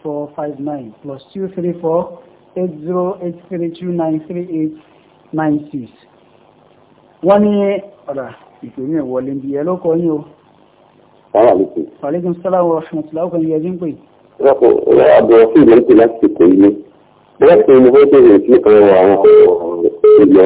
08061998459 plus 234 8083293896 wọ́n ní ọ̀rà ìpèmí ìwọlé bí ẹ lọ́kọ̀ yín o. Aleykum salaam wa rahmatullahi ọkọ̀ yẹn jí ń pè. Rọ́pò ọ̀rọ̀ àbọ̀ fún ìlú láti kò ilé. Bẹ́ẹ̀ ni mo fẹ́ bẹ̀rẹ̀ sí ọ̀rọ̀ àwọn ọ̀rọ̀ ìjọ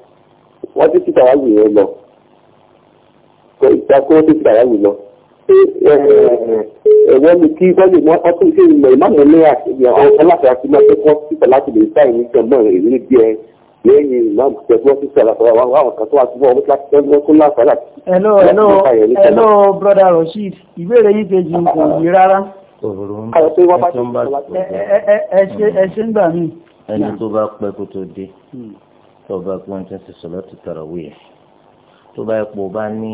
wọ́n ti ti tàwáwì yẹn lọ kò ìtakùrọ̀ ti ti tàwáwì lọ ẹ̀wọ́n mi kí wọ́n lè mọ ọtún ṣe ìmọ̀ ìmáàmù lẹ́yà aláṣẹ àti máa fẹ́ kọ́ síta láti lè sá ìrìn jọ náà èyí bí ẹ lẹ́yìn ìmáàmù tẹ̀gbọ́n síta àlàfàlà wọn àwọn kan tó wà síbọ̀ wọn láti tẹ́gbọ́n tó láǹfààní àti. hello hello hello brother Rasheed ìbéèrè yìí kejì kò yí rárá. ẹ ṣe ń gbà mí. ẹni tó bá pẹ́ kó tó dé. Hmm tó bá pé wọ́n ti ń ṣe sọ̀látù tarawih tó bá yẹ kó bá ní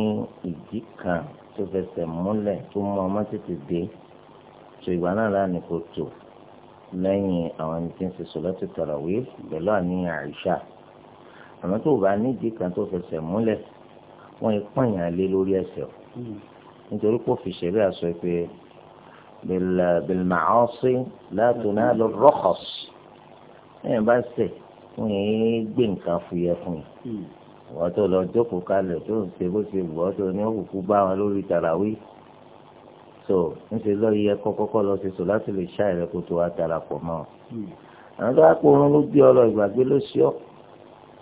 ìdí kan tó fẹsẹ̀ múlẹ̀ tó mú ọmọ tètè dé tó ìgbà náà lánàá kò tó lẹ́yìn àwọn ẹni tí ń ṣe sọ̀látù tarawih pẹ̀lú àníyàn àìṣà àmọ́ tó bá ní ìdí kan tó fẹsẹ̀ múlẹ̀ wọ́n yẹ lé lórí ẹsẹ̀ nítorí kó fi àṣọ pé bil ma'asi la tunalu rukhas ẹ̀yìn bá ṣẹ̀ wọn yìí gbé nǹkan fúyẹ́ fún yìí hmm. wọ́n tó lọ jókòó kalẹ̀ tó ń ṣe bó ṣe wù tó ní òkùnkùn bá wọn lórí tàràwí so ńṣe lọ yẹ kọ́kọ́kọ́ lọ ṣe sọ láti lè ṣá ẹ̀rẹ́ kó tó wá darapọ̀ mọ́ hmm. àwọn tó wá pé oorun ló gbé ọ ìgbàgbé ló ṣe ọ́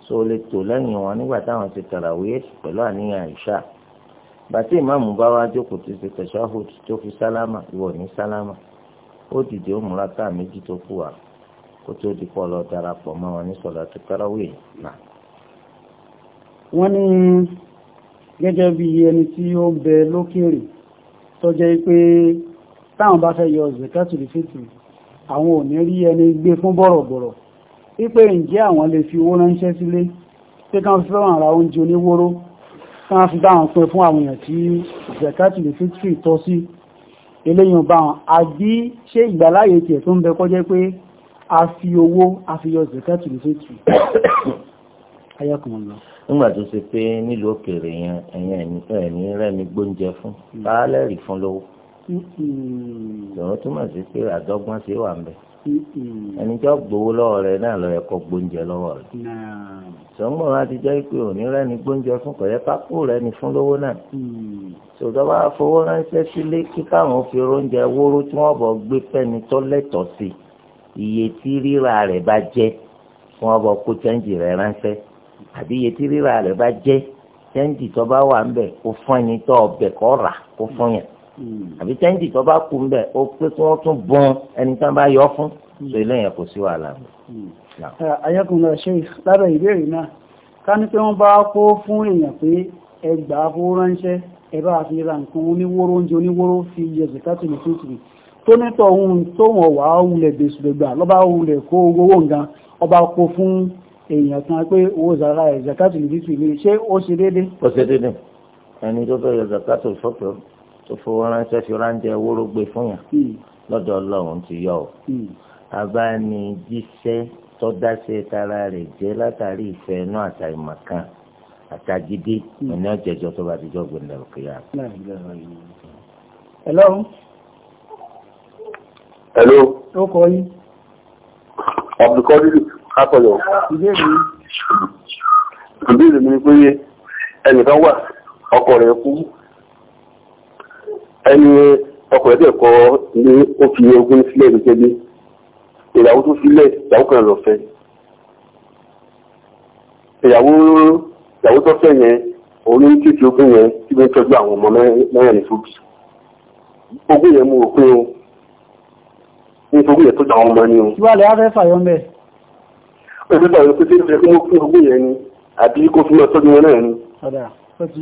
so lè tò lẹ́yìn wọn nígbà táwọn ti tàràwí pẹ̀lú àníyàn ìṣá bàtí ìmáàmù bá wá jókòó ti ṣe tẹ̀síwájú tó fi sálámà ìwọ ní sálámà ó dìde ó múra káà méjì tó kù wá kó tó di pọ̀ lọ darapọ̀ mọ́ wọn ní sọ̀látù tarawih náà. wọ́n ní gẹ́gẹ́ bí ẹni tí ó ń bẹ lókèrè tó jẹ́ pé táwọn bá fẹ́ yọ zakatul fitr àwọn ò ní rí ẹni gbé fún bọ̀rọ̀bọ̀rọ̀ wípé ǹjẹ́ àwọn lè fi owó ránṣẹ́ sílé pé káwọn fi fẹ́ràn ara oúnjẹ oníwóró káwọn fi dáhùn pé fún àwọn èèyàn tí zakatul fitr tọ́ sí eléyìn bá wọn àbí ṣé ìgbàláyè tiẹ̀ tó ń bẹ kọjẹ́ pé a fi owó a fi yọ zakatu lè fẹ́tù ayákùnrin lọ. nígbà tó ṣe pé nílùú òkèèrè yẹn ẹ̀yìn ẹ̀yìn rẹ̀ ní gbóúnjẹ fún hmm. baálẹ̀ rí fún lówó. ìṣòro túmọ̀ sí pé àdọ́gbọ́n ṣe wà ń bẹ̀ ẹni tí wọ́n gbowó lọ́wọ́ rẹ̀ náà lọ́ọ́ ẹ̀kọ́ gbóúnjẹ lọ́wọ́ rẹ̀. sọ́ngbọ̀n wa ti jẹ́ pé òní rẹ̀ ní gbóúnjẹ fún kọ̀yẹ́ pápó rẹ̀ ní fún lówó náà. sọ̀dọ́wọ́ mm. afowó ránṣẹ́ sílé kí káwọn fi oúnjẹ wóró tí wọ́n bọ̀ gbé fẹ́ni tó lẹ́tọ̀ọ́ sí i iye tí rírà rẹ̀ bá jẹ́ fún ọbọ̀ kó chẹ́ǹjì rẹ̀ ránṣẹ́ àbí iye tí rírà rẹ̀ bá jẹ́ chẹ́ǹjì tó bá wà ń bẹ̀ kó fún ẹni tó ọbẹ̀ kọ́ rà kó fún yẹn hmm. àbí chẹ́ǹjì tó bá kú ń bẹ̀ ó pé kí wọ́n tún bọ́n ẹni tó bá yọ fún ṣe hmm. lẹ́yìn kò sí wàhálà. Hmm. Eh, ayọkùnrin ṣe lábẹ́ ìbéèrè náà ká ní pé wọ́n bá kó fún èèyàn pé ẹgbàá kó ránṣẹ́ ẹ bá fi ra nǹkan oníwóró oúnjẹ oníwóró fi yẹ tó nítọ̀ ohun tó wọ̀n wà wulẹ̀ dèṣùgbẹ̀gbà lọ́bá wulẹ̀ kó owó nǹkan ọba kó fún èèyàn kan pé owó zara ẹ̀ zakatul fitr ilé ṣé ó ṣe déédé. ó ṣe déédé ẹni tó fẹ́ yọ zakatul fitr tó fowó ránṣẹ́ fi ránṣẹ́ owó ló gbé fún yàn hmm. lọ́dọ̀ ọlọ́run ti yọ ọ́ hmm. abánijíṣẹ́ tó dáṣe tara rẹ̀ jẹ́ látàrí ìfẹ́ inú àtà ìmọ̀kan àtàgídé ẹni hmm. ọ̀jẹ̀jọ́ tó bá ti jọ́ gbẹ̀ndẹ̀ òkè yàrá. Hello. Ó kọ yín. Abdulkadir Akọ̀yọ̀. Ìbéèrè yìí. Ìbéèrè mi ni pé ẹnìkan wà, ọkọ rẹ̀ kú. Ẹni ọkọ rẹ̀ kọ ní ó fi ogún sílẹ̀ ní kébé. Ìyàwó tó sílẹ̀ ìyàwó kan lọ fẹ́. Ìyàwó ìyàwó tó fẹ́ yẹn, òun ní títí ogún yẹn tí wọ́n tọ́jú àwọn ọmọ mẹ́rin fún. Ogún yẹn mú òpin o nítorí ẹ̀ tó dà wọn mọ́ ni o. ìwàlẹ̀ afẹ́ fàyọ́ mẹ́. ó ti bàrẹ̀ pé tí ó fẹ́ kí mo fún gbogbo yẹn ni àbí kó fi lọ tọ́jú wọn náà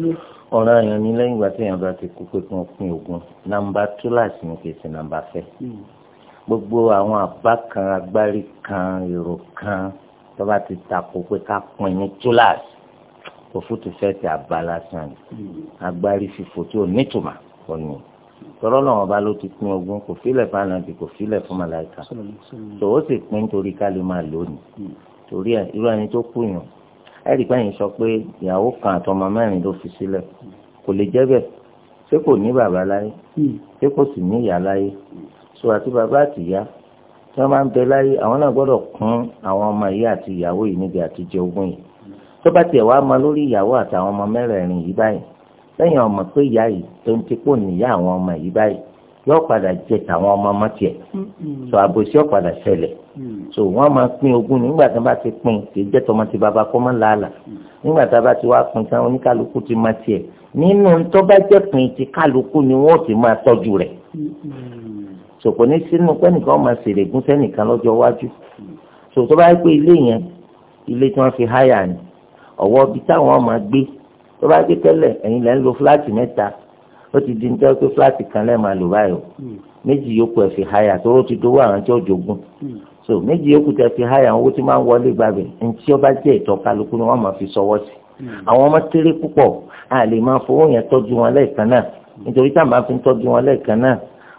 ni. ọ̀ràn àyàn ni lẹ́yìn ìgbà tí èèyàn bá ti kú pé kí wọ́n pín ogún nàmbà túláàsì ni kì í ṣe nàmbà fẹ́. Hmm. gbogbo àwọn àbá kan agbárí kan èrò kan tó bá ti takò pé ká pín ní túláàsì òfútùfẹ́ ti àbá lásán hmm. agbárí fífò tí ò nítumà ò ní tọrọ náà ọba ló ti pín ogún kò fílẹ̀ fún ànábì kò fílẹ̀ fún màláìka tó ó sì pín torí ká lè máa lónìí torí ẹ irú ẹni tó kú yàn ẹ̀rí pẹ́yìn sọ pé ìyàwó kan àtọmọ mẹ́rin ló fi sílẹ̀ kò lè jẹ́ bẹ́ẹ̀ ṣé kò ní bàbá láyé ṣé kò sì ní ìyá láyé so àti bàbá àti ìyá tí wọ́n bá ń bẹ láyé àwọn náà gbọ́dọ̀ kún àwọn ọmọ yìí àti ìyàwó yìí níbi àtijọ́ ogún yìí tó bá tiẹ̀ wá mọ lórí ìyàwó àtàwọn ọmọ mẹ́rẹ̀ẹ̀rin yìí báyìí lẹ́yìn ọmọ pé ìyá yìí tó ń tipò níyà àwọn ọmọ yìí báyìí yóò padà jẹ tàwọn ọmọ ọmọ tiẹ̀ so àbòsí ó padà ṣẹlẹ̀ mm. so wọ́n máa pín ogún nígbà tí wọ́n bá ti pín kì í jẹ́ tọmọ ti bàbá kọ́ mọ́ làálà mm. nígbà tí wọ́n bá ti wá pín tán oníkálukú ti máa tiẹ̀ nínú tó bá jẹ́ pín ti kálukú ni wọ́n ti máa tọ́jú rẹ̀ so kò ní sínú pẹ́nìkan máa ṣèrè gún sẹ́nìkan lọ́jọ́ iwájú mm. so tó bá yẹ pé ilé yẹn ilé tí wọ́n fi háyà ni ọ̀wọ́ ibi táwọn máa gbé tó bá gbé tẹ́lẹ̀ ẹ̀yin lẹ́ ń lo fúláàtì mẹ́ta ó ti di nítorí pé fúláàtì kan lẹ́ẹ̀ máa lò báyìí o hmm. méjì yòókù ẹ̀ fi háyà tó ti dówó àwọn tí ó jogún hmm. so méjì yòókù tẹ̀ fi háyà owó tí máa ń wọlé gbàgbé ntí ọba jẹ́ ìtọ́ kálukú ni wọ́n máa fi sọwọ́ sí hmm. àwọn ọmọ kéré púpọ̀ a lè máa fowó yẹn tọ́jú wọn lẹ́ẹ̀kan náà nítorí tá a máa fi tọ́jú wọn lẹ́ẹ̀kan náà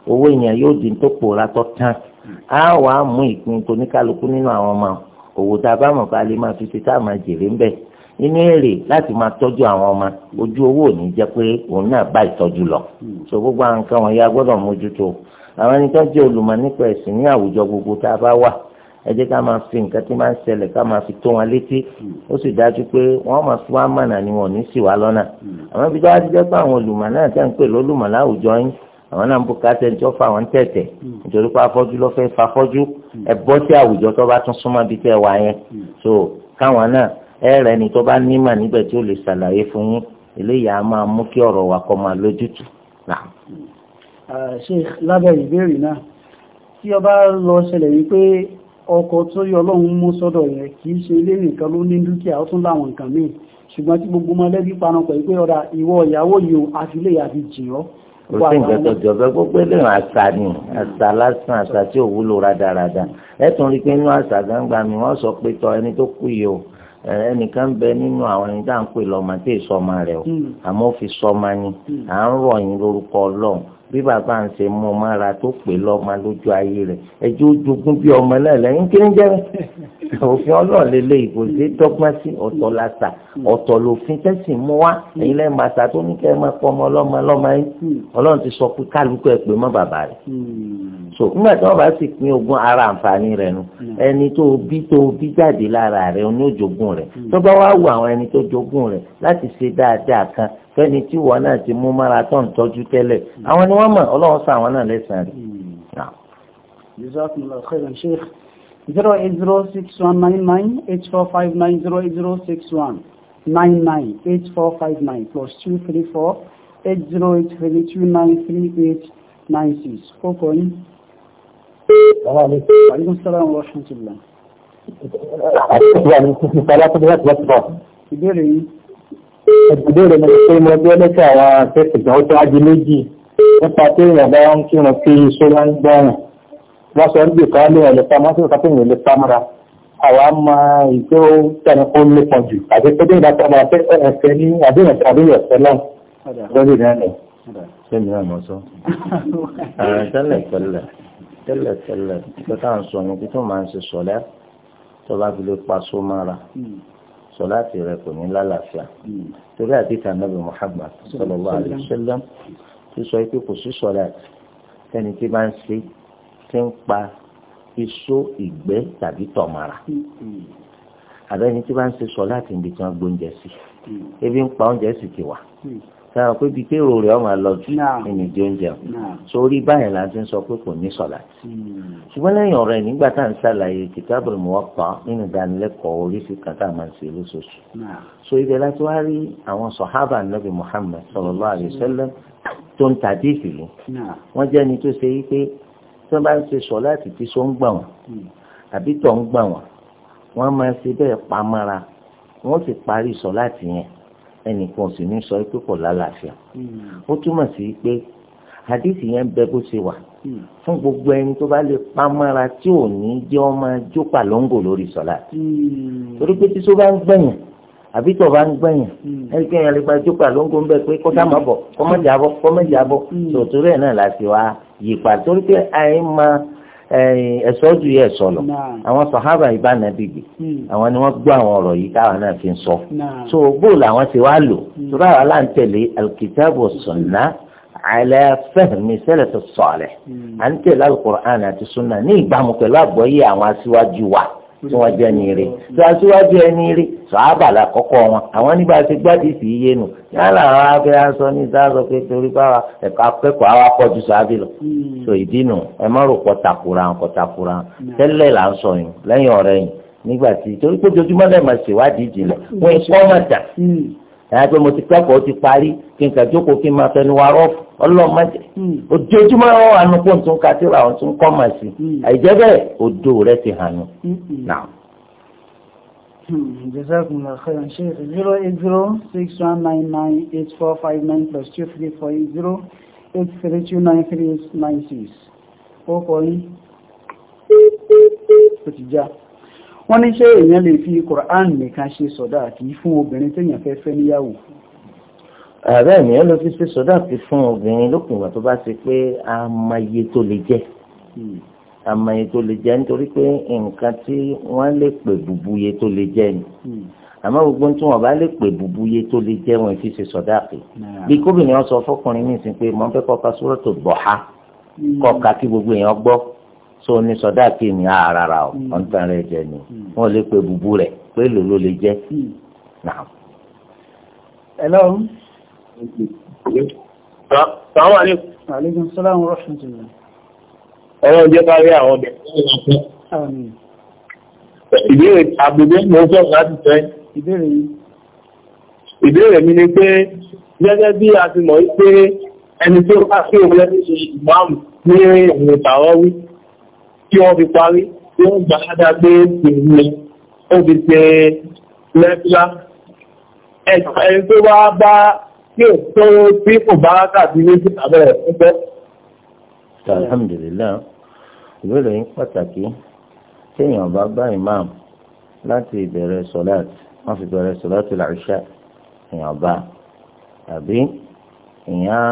owó yẹn yóò di tó pòórá tó tán á wàá mú ìpín toníkálukú nínú àwọn ọmọ òwò tá a bá mọ̀ ká lè máa fi ṣe tá a máa jèrè ń nínú èrè láti máa tọ́jú àwọn ọmọ ojú owó ò jẹ́ pé òun náà bá ìtọ́jú lọ. so gbogbo àwọn nǹkan wọ̀nyí a gbọ́dọ̀ mójútó àwọn ẹni tó jẹ́ olùmọ̀ nípa ẹ̀sìn ní àwùjọ gbogbo tá a bá wà ẹ jẹ́ ká máa fi nǹkan tí máa ń ṣẹlẹ̀ ká máa fi tó wọn létí ó sì dájú pé wọ́n máa fi wá mànà ni wọn ò ní sì wá lọ́nà àwọn ibi tó wá ti jẹ́ pé àwọn olùmọ̀ náà tẹ̀ ń pè lólùmọ̀ láwùjọ yín àwọn náà ń bùkátà ẹni tó fa àwọn tẹ̀tẹ̀ nítorí pé afọ́jú ló fẹ́ fafọ́jú ẹ bọ́ sí àwùjọ tó bá tún súnmọ́ bí tẹ́ wà yẹn so káwọn náà ẹ̀rẹ̀ ni tó bá nímọ̀ níbẹ̀ tí ó lè ṣàlàyé fún yín eléyìí á máa mú kí ọ̀rọ̀ wa kọ́ máa lójútùú náà. ṣe lábẹ́ ìbéèrè náà tí ọba lọ ṣẹlẹ̀ wípé ọkọ̀ tó yọ ọlọ́run mú sọ́dọ̀ yẹn kì í ṣe ilé nìkan ló ní dúkìá ó tún láwọn nǹkan míì ṣùgbọ́n tí gbogbo mọ̀lẹ́bí panupọ̀ pé ọ̀dà ìwọ ìyàwó yìí o àti ilé àti e, jìn ọ́. kò sí nǹkan tó jọba gbogbo eléyàn àṣà ni àṣà lásán àṣà tí ò wúlò rádaràda ẹ tún rí i pé inú àṣà gbangba mi wọ́n sọ pé tọ ẹni tó kú yìí o ẹnìkan bẹ nínú àwọn ẹni tá à ń pè lọ́mọ tí èso ọmọ rẹ o hmm. àmọ́ fi sọ ọmọ yín hmm. à ń rọ̀ lórúkọ ọlọ́run bí bàbá ń ṣe mú mára tó pè lọ́mọ lójú ayé rẹ̀ ẹjọ́ jogún bí ọmọ náà lẹ́yìn kí ń jẹ́ òfin ọlọ́ọ̀ lélẹ̀ ìbò ṣe dọ́gbọ́n sí ọ̀tọ̀ làṣà ọ̀tọ̀ lòfin tẹ́sí mú wá ẹ̀yin lẹ́yìn bàtà tó ní kẹ́ ẹ máa pọ̀ ọmọ ọlọ́mọ ọlọ́mọ yín ọlọ́run ti sọ pé kálukú ẹ pè mọ́ bàbá rẹ̀ so nígbà tí wọ́n bá sì pín ogún ara àǹfààní rẹ̀ nu ẹni tó bí tó bí jáde lára rẹ̀ oní òjogún rẹ̀ tó bá wá wù àwọn ẹni tó jogún rẹ̀ láti ṣe dáadáa kan fẹ́ni tí wọn náà ti mú marathon tọ́jú tẹ́lẹ̀ àwọn ni wọ́n mọ̀ ọlọ́run sọ àwọn náà lẹ́sàn-án rẹ̀. jazakumullahu khairan sheikh zero eight zero six one nine nine eight four five nine zero eight zero six one nine nine eight four five nine plus two three four eight zero eight three two nine three eight nine six ó kọ ní. aleykum salaam wa rahmatulah. ìbéèrè yìí ẹ̀bùdó rẹ̀ mo pé mo bí ẹlẹ́tẹ̀ àwọn akẹ́kọ̀ọ́ ìgbà ọjọ́ ajé méjì nípa pé èèyàn bá ń kírun pé iṣẹ́ máa ń gbọ́rùn wọ́n sọ níbi kan lé ẹ̀lẹ́ pamọ́ sí ìka tóyìn lè pamọ́ra àwa mọ ìjọ tẹnu kó lépa jù àti pé bí ìdájọ́ máa fẹ́ ẹ̀fẹ́ ní àdéhùn tàbí ẹ̀fẹ́ náà lórí rẹ̀ lọ. sẹ́mi sọláàtì rẹ kò ní lálàáfíà hmm. torí àdìtà nàbì Muhammad sallallahu alaihi wasallam tó sọ pé kò sí sọláàtì tẹni tí bá ń ṣe ti ń pa iṣó ìgbẹ́ tàbí tọ̀màrà hmm. hmm. àbẹ́ni tí bá ń ṣe sọláàtì níbi tí wọ́n gbóúnjẹ sí ebi ń pa oúnjẹ sì ti wà sára pé ibi tí èrò rẹ̀ ọmọ àlọ́ jù ẹni jẹ́ oúnjẹ o sórí báyìí la ti ń sọ pé kò ní sọ̀lá hmm. ṣùgbọ́n lẹ́yìn ọ̀rọ̀ ẹ̀ nígbà tá à ń ṣàlàyé Kitabul Muwatta nínú ìdánilẹ́kọ̀ọ́ oríṣi kan tá máa ń ṣe lóṣooṣù so ibẹ̀ láti wá rí àwọn sọ̀hábà nàbì Muhammad sallallahu alaihi wasallam tó ń ta déèfì lù wọ́n jẹ́ ni tó ṣe yí pé tí wọ́n bá ń ṣe sọ láti tí sọ ń gbà wọ́n hmm. àbí tọ̀ ń gbà wọ́n wọ́n máa ṣe bẹ́ẹ̀ pamọ́ra wọ́n sì parí sọ láti yẹn ẹnìkan sì ní sọ pé kò lálàáfíà hmm. ó túmọ̀ sí pé àdéhìí yẹn bẹ bó ṣe wà hmm. fún gbogbo ẹni tó bá lè pamọ́ra tí ò ní jẹ́ ọmọ jó pàlọ́ńgò lórí sọ́lá hmm. torí pé tí tó bá ń gbẹ̀yìn àbí tó bá ń gbẹ̀yìn ẹni kí ẹ̀yàn lè gba jó pàlọ́ńgò ń bẹ pé kó sáà má bọ̀ kó má jà bọ̀ kó má bọ̀ tòótọ́ rẹ̀ náà láti wá yípa torí pé àyè máa ẹ̀sọ́ ju yẹ ẹ̀sọ́ lọ àwọn sàhábà ìbáná bìbì hmm. àwọn ni wọ́n gbọ́ àwọn ọ̀rọ̀ yìí káwọn náà fi ń sọ so bóòlù àwọn ti wá lò tóra hmm. àwọn aláǹtẹ̀lé alkitabu sunna ala fahmi salafus salih hmm. à ń tẹ̀lé al-Qur'an àti sunna ní ìbámu pẹ̀lú àgbọ́yé àwọn aṣíwájú wa tí wọ́n jẹ́ ní rí tí aṣíwájú ẹni rí sọ́ábà làkọ́kọ́ wọn àwọn nígbà tí gbádìí sì yé nu yálà àwọn abẹ́ aṣọ ní ìdáàzọ pé torí báwa ẹ̀ka akẹ́kọ̀ọ́ àwa pọ̀ ju lọ hmm. so ìdí nu ẹ má rò pọ̀ takura pọ̀ takura hmm. tẹ́lẹ̀ là ń sọ yìí lẹ́yìn ọ̀rẹ́ yìí nígbà tí torí pé ojoojúmọ́ lẹ́ẹ̀ máa ṣèwádìí ìjìnlẹ̀ wọ́n ikú ọmọ dà ẹ̀yà pé mo ti kẹ́kọ̀ọ́ ti parí kí n kà jókòó kí n máa fẹnu wa rọ́ọ̀fù ọlọ́mọdé hmm. ojoojúmọ́ ẹ̀rọ wà nù kó n tún ka síra ọ̀ tún kọ́ mà sí hmm. àìjẹ́ bẹ́ẹ̀ odò rẹ ti hàn nù. Ó kọ́ yín. Ó ti já wọ́n ní ṣé èèyàn lè fi Qur'an nìkan ṣe sọ̀dáàkì fún obìnrin téèyàn fẹ́ fẹ́ níyàwó ààrẹ ènìyàn ló fi ṣe sọdáàkì fún obìnrin lópin ìgbà tó bá ṣe pé amaye tó lè jẹ hmm. amaye tó lè jẹ nítorí pé nǹkan tí wọ́n lè pè bùbúye tó lè jẹ ni hmm. àmọ́ gbogbo tí wọ́n bá lè pè bùbúye tó lè jẹ wọ́n fi ṣe sọdáàkì bí kóbìnrin ọsọ fọkùnrin nìsín pé mo fẹ́ kọ́ka sórọtò bọhá so ní sọdá kì ní àràrà ah, o hmm. ọ̀ǹtàn rẹ̀ jẹ ni wọ́n lè pe bùbú rẹ̀ pé lò ló lè jẹ́. Hmm. hello. sàwọn àlejò. àlejò sọláwọn rọ́ṣùn ti rẹ̀. ọlọ́run jẹ́ ká rí àwọn ọbẹ̀. ìbéèrè àgbègbè mo fẹ́ láti fẹ́. ìbéèrè yìí. ìbéèrè mi ni pé gẹ́gẹ́ bí a ti mọ̀ pé ẹni tó bá sí òun lẹ́sìn ìmáàmù ní ìrìn ìtàwọ́ wí tí wọ́n fi parí tí wọ́n gbà ládàá pé èmi ó fi ṣe lẹ́fílá ẹni tó wá bá tí ò tó tí kò bá tàbí méjì abẹ́rẹ́ ń bẹ́. alhamdulilayi ìbéèrè yín pàtàkì téèyàn bá bá imam láti ìbẹ̀rẹ̀ sọ́láàtì wọ́n fi bẹ̀rẹ̀ sọ́láàtì làṣà èèyàn bá àbí èèyàn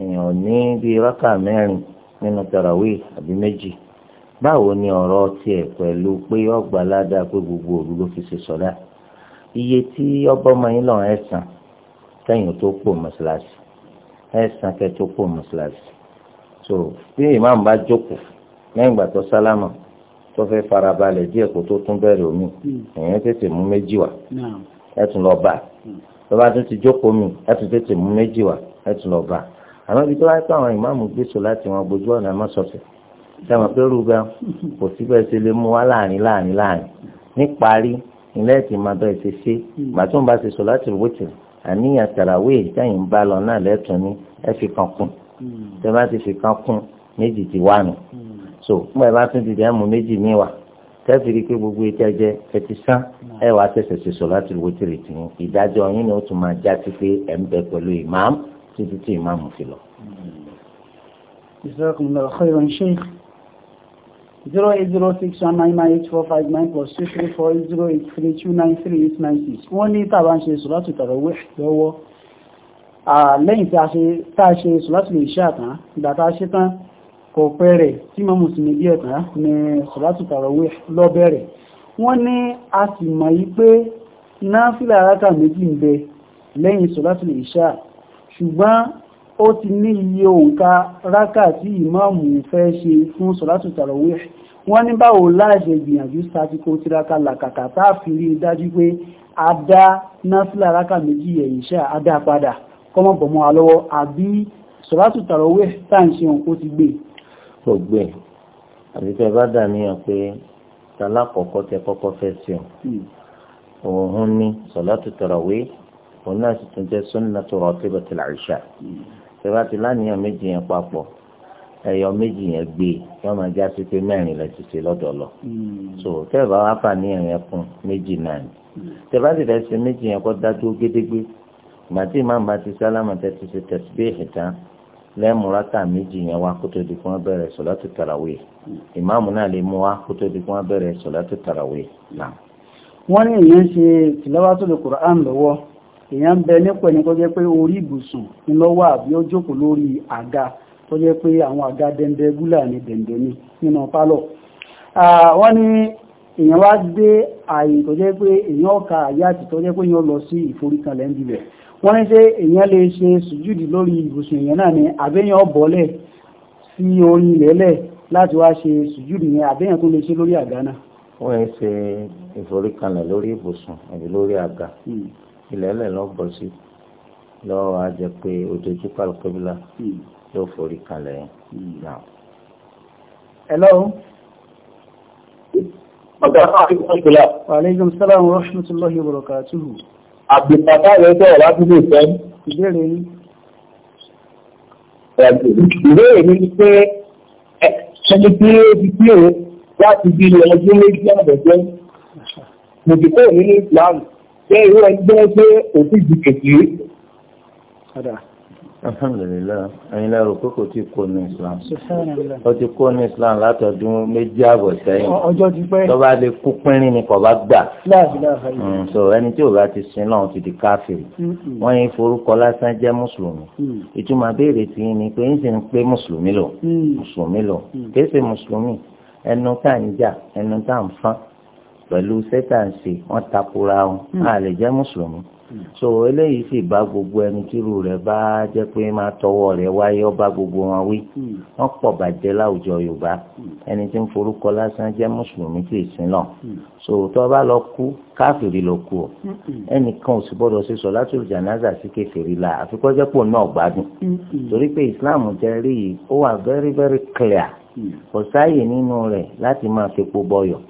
èèyàn ní bíi rákà mẹ́rin nínú tarawih àbí méjì báwo ni ọ̀rọ̀ tiẹ̀ pẹ̀lú pé ọgbà ládàá pé gbogbo òru ló fi ṣe sọ́dá iye tí ọbọ̀mọ yín lọ́n ẹ̀ sàn kẹ́yìn tó pò mọ́ṣáláṣí ẹ̀ sàn kẹ́ tó pò mọ́ṣáláṣí so bí ìmáàmù bá jókòó lẹ́yìn ìgbà tó sálámà tó fẹ́ farabalẹ̀ díẹ̀ kó tó tún bẹ̀rẹ̀ omi èèyàn tètè mú méjì wá ẹ̀ tún lọ bá hmm. tó bá tún ti jókòó mi ẹ̀ tún tètè mú méjì wá ẹ̀ tún lọ bá àmọ́ ibi tó wáyé pé àwọn ìmáàmù gbèsò láti wọn gbójú ọ̀nà mọ́sọ̀tẹ̀ sẹ́wọ̀n pé rúbẹ kò sí bẹ́ẹ̀ ṣe lè mú wa láàrin láàrin láàrin níparí ilé ẹ̀tì máa bẹ́ẹ̀ ṣe ṣe gbàtún bá ṣe sọ láti wòtì àníyàn tàràwé ìtẹ̀yìn bá lọ náà lẹ́tùn ní ẹ fi kan kún hmm. tẹ bá ti fi kan kún méjì ti wà nù hmm. so fún ẹ bá tún ti dẹ́mu méjì mi wà tẹ́fìrí pé gbogbo etí ẹjẹ ẹ ti sán hmm. ẹ wàá tẹ̀sẹ̀ ṣe sọ láti wòtì rè tì ìdájọ́ yín ni ó tún máa já sí pé ẹ̀ ń bẹ pẹ̀lú ìmáàmù títí tí ìmáàmù fi lọ. جزاكم الله خيرا شيخ zero eight zero six one nine nine eight four five nine plus two three four zero eight three two nine three eight nine six wọ́n ní tàbá ń ṣe sùlátù tàràwí lọ́wọ́ lẹ́yìn tí a ṣe tá a ṣe sùlátù lè ṣe àtàn ìgbà tá a ṣe tán kò pẹ́rẹ̀ tí mọ́ mùsùlùmí bí ẹ̀tàn ní sùlátù tàràwí lọ́bẹ̀rẹ̀ wọ́n ní a sì mọ̀ yí pé náà fìlà aráta méjì ń bẹ lẹ́yìn sùlátù lè ṣe ṣùgbọ́n ó ti ní iye òǹkà rákà tí ìmáàmù fẹ́ ṣe fún sọ̀látù tàràwíhì wọ́n ní báwo láìṣe gbìyànjú sátìkò tí rákà làkàkà táàfin rí dájú pé a dá náfìlà rákà méjì ẹ̀yìn iṣẹ́ a dá padà kọ́mọ̀ bọ̀mọ́ wa lọ́wọ́ àbí sọ̀látù tàràwíhì tá ń ṣeun ó ti gbé. kò gbé àbí tẹ bá dà níyàn pé tálá kọ̀ọ̀kọ́ tẹ kọ́kọ́ fẹ́ ṣeun hmm. òun ní sọ̀látù tàràwíhì òun náà sì tún jẹ́ sunnatu ratibatil isha hmm sẹ́fàtì lánìyàn méjì yẹn papọ̀ ẹ̀yọ méjì yẹn gbé yọ máa já sí pé mẹ́rin lẹ ti lọ́dọ̀ lọ. Hmm. so tẹ́ẹ̀bá wá fà ní ẹ̀yẹn kún méjì náà ni hmm. tẹ́ẹ̀bá sì fẹ́ ṣe méjì yẹn kọ́ dájú gédégbé ìgbà tí màá bá ti sálámà tẹ́ ti ṣe tẹ̀síbíhì tán lẹ́mùrákà méjì yẹn wá kótó di fún abẹ́rẹ́ sọ̀látù tàràwé hmm. ìmáàmù náà lè mú wá kótó di fún abẹ́rẹ́ sọ̀látù tàràwé náà. wọ́n ní ìyẹn ṣe tìlẹ́wàtò lè kùrọ̀ èèyàn ń bẹ nípò ẹni tó jẹ́ pé orí ìbùsùn ni lọ́wọ́ àbí ó jókòó lórí àga tó jẹ́ pé àwọn àga dẹ̀ndẹ̀ gúlà ni dẹ̀ndẹ̀ ni nínú pálọ̀ wọ́n ní èèyàn wá gbé àyè tó jẹ́ pé èèyàn ọ̀ka àyè àti tó jẹ́ pé èèyàn lọ sí ìforíkanlẹ̀ ń bibẹ̀ wọ́n ní ṣe èèyàn lè ṣe sùjúdì lórí ìbùsùn èèyàn náà ni àbẹ́yàn bọ́lẹ̀ sí orí ilẹ̀lẹ̀ láti wá ṣe sùjúdì yẹn àbẹ́yàn tó lè ṣe lórí àga náà. wọ́n ń ṣe ìforíkanlẹ̀ lórí ìbùsùn àbí lórí àga hmm ilẹ̀lẹ̀ lọ́bọ̀ sí lọ́wọ́ á jẹ pé òjòjú pàlùkọ́bílà yóò forí kalẹ̀ náà. hello. Aleykum salaam wa rahmatullahi wa barakatuhu. Àbùkátà rẹ̀ sọ̀rọ̀ láti lè fẹ́. Ìbéèrè ni. Ìbéèrè mi ni pé ẹni tí ó ti kúrò láti bí ọdún méjì àbẹ̀jẹ́. Mo ti kúrò jẹ́ irú ẹgbẹ́ pé òfin di kékeré. alhamdulilayi ẹyin lẹ́rù pé kò tí kó ní islam ó ti kó ní islam látọdún méjì àbọ̀ sẹ́yìn tó bá lè kú pínrín ni kò bá gbà mm, so ẹni tí ò bá ti sin náà ti di káfíìn wọ́n yẹn forúkọ lásán jẹ́ mùsùlùmí mm. ìtumọ̀ béèrè tí ni pé ń sì ń pé mùsùlùmí lò mm. mùsùlùmí lò kì í ṣe mùsùlùmí ẹnu tá à ń jà ẹnu tá à ń fán pẹ̀lú sẹ́tà ń ṣe wọ́n takora wọn hmm. a lè jẹ́ mùsùlùmí so eléyìí sì bá gbogbo ẹni tírú rẹ̀ bá jẹ́ pé máa tọwọ́ rẹ̀ wáyé ọba gbogbo wọn wí wọ́n pọ̀ bàjẹ́ láwùjọ yorùbá ẹni tí ń forúkọ lásán jẹ́ mùsùlùmí tí ìsìn náà so tó bá lọ kú káfìrí ló kú ọ ẹnìkan ò sì gbọ́dọ̀ ṣe sọ láti ìjànáza sí kékeré la àfikọ́ jẹ́ pò náà gbádùn torí pé islam jẹ́ rí i ó wà very very clear kò sáàyè nínú rẹ̀ láti máa fepo bọyọ̀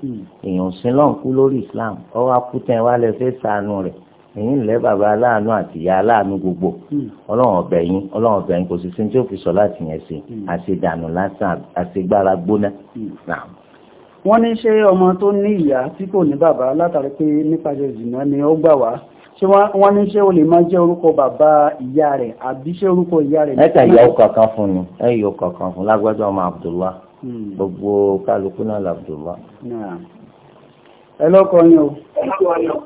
èèyàn sílọ̀ ń lórí islam ọwọ́ akútẹ́ wa lè fẹ́ sànù rẹ̀ ẹ̀yin ńlẹ́ baba aláàánú àti ìyá aláàánú gbogbo hmm. ọlọ́run ọbẹ̀ yín ọlọ́run ọbẹ̀ yín kò sí sí ní tí ó fi sọ láti yẹn sí hmm. àṣedànù lásán àṣegbára gbóná. Hmm. wọ́n ní ṣé ọmọ tó ní ìyá tí kò ní bàbá látàrí pé nípasẹ̀ ìdìnnà ni ó gbà wá ṣé wọ́n ní ṣé o lè máa jẹ́ orúkọ bàbá ìyá rẹ̀ àbí ṣé orúkọ ìyá rẹ̀. mẹ́ta ìyá ó kankan fún ni ẹ yóò kankan fún lágbájá ọmọ Abdullah gbogbo kálukú náà làbdùlá. ẹ yín o. ẹ yín o.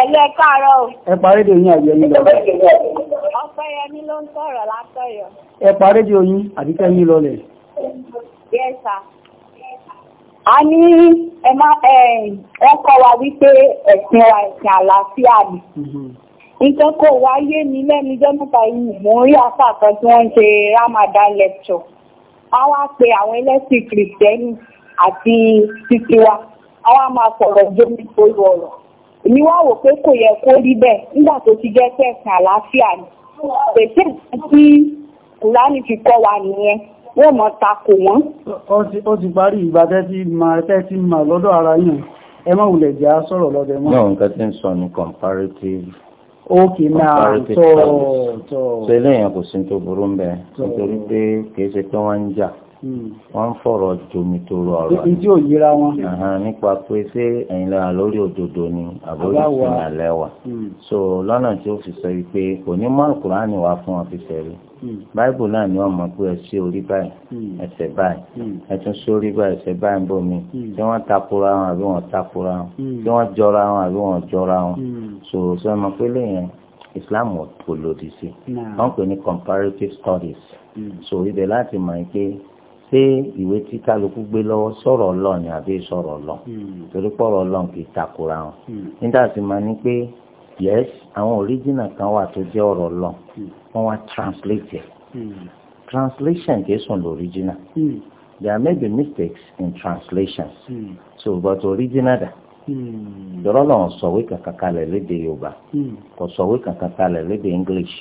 Ẹ̀yẹ káàárọ̀ o. Ẹ pa rédíò yín àyè yín lọ. Ọpẹ́yẹmí ló ń sọ̀rọ̀ látọ̀yọ̀. Ẹ pa rédíò yín àbíkẹ́ yín lọlẹ̀. Yes sir. A ní ẹ má ẹ kọ́ wa wípé ẹ̀sìn wa ẹ̀sìn àlàáfíà ni. Mhm. Nǹkan kò wáyé ní lẹ́nujọ́ mẹ́ta yìí mò ń rí àfà kan tí wọ́n ń ṣe Ramadan lecture. a wá pe àwọn ẹlẹ́sìn Kìrìsìtẹ́nì àti títí wa. Wọ́n á máa sọ̀rọ̀ jómi tó lọ ọ̀rọ̀ èmi wá wò pé kò yẹ kó rí bẹ́ẹ̀ nígbà tó ti jẹ́ tẹ̀sán àlàáfíà ni pèsè tí kùránì fi kọ́ wa nìyẹn wọ́n mọ̀ takò wọ́n. ó ti parí ìgbà tẹ́tí máa tẹ́tí máa lọ́dọ̀ ara yàn ẹ má wulẹ̀ jẹ́ á sọ̀rọ̀ lọ́dẹ mọ́. náà nǹkan tí ń sọ ní comparative ókè náà tọ́ tọ́ tẹ́lẹ̀ yẹn kò sí tó burú ń nítorí pé kìí ṣe pé wọ́n ń jà wọ́n ń fọ̀rọ̀ jomi tó rọ ọ̀rọ̀ àná. ìdí òyìnbá wọn. nípa pé ṣé ẹ̀yin lára lórí òdodo ni àbórí ìsìn àlẹ́ wa. so lọ́nà tí ó fi sọ yìí pé kò ní mọ́ àkùránì fún wọn fi ṣẹ̀rí. Hmm. báìbù náà ni wọ́n mọ̀ pé ẹ̀ṣẹ̀ orí báyìí hmm. ẹ̀ṣẹ̀ báyìí hmm. ẹ̀tún sórí báyìí ẹ̀ṣẹ̀ báyìí ń bò mí. tí wọ́n takora wọn àbí wọ́n takora wọn. tí wọ́n jọra wọn àbí wọ́n jọra wọn. so sọ ma pé lẹ́yìn Islam ò lòdì sí. wọ́n pè ní comparative studies. so ibẹ̀ láti mọ̀ pé ṣé ìwé tí kálukú gbé lọ́wọ́ sọ̀rọ̀ Ọlọ́run ni àbí sọ̀rọ̀ Ọlọ́run hmm. torí pọ̀rọ̀ Ọlọ́run kì í takora wọn nígbà tí mo ní pé yes àwọn original kan wà tó jẹ́ ọ̀rọ̀ Ọlọ́run hmm. wọ́n wá translate it hmm. translation kì í sùn lọ original there may be mistakes in translations mm. so but original da yọ̀rọ̀ lọ́wọ́ sọ̀wé kankan kalẹ̀ léde Yorùbá kò sọ̀wé kankan kalẹ̀ léde English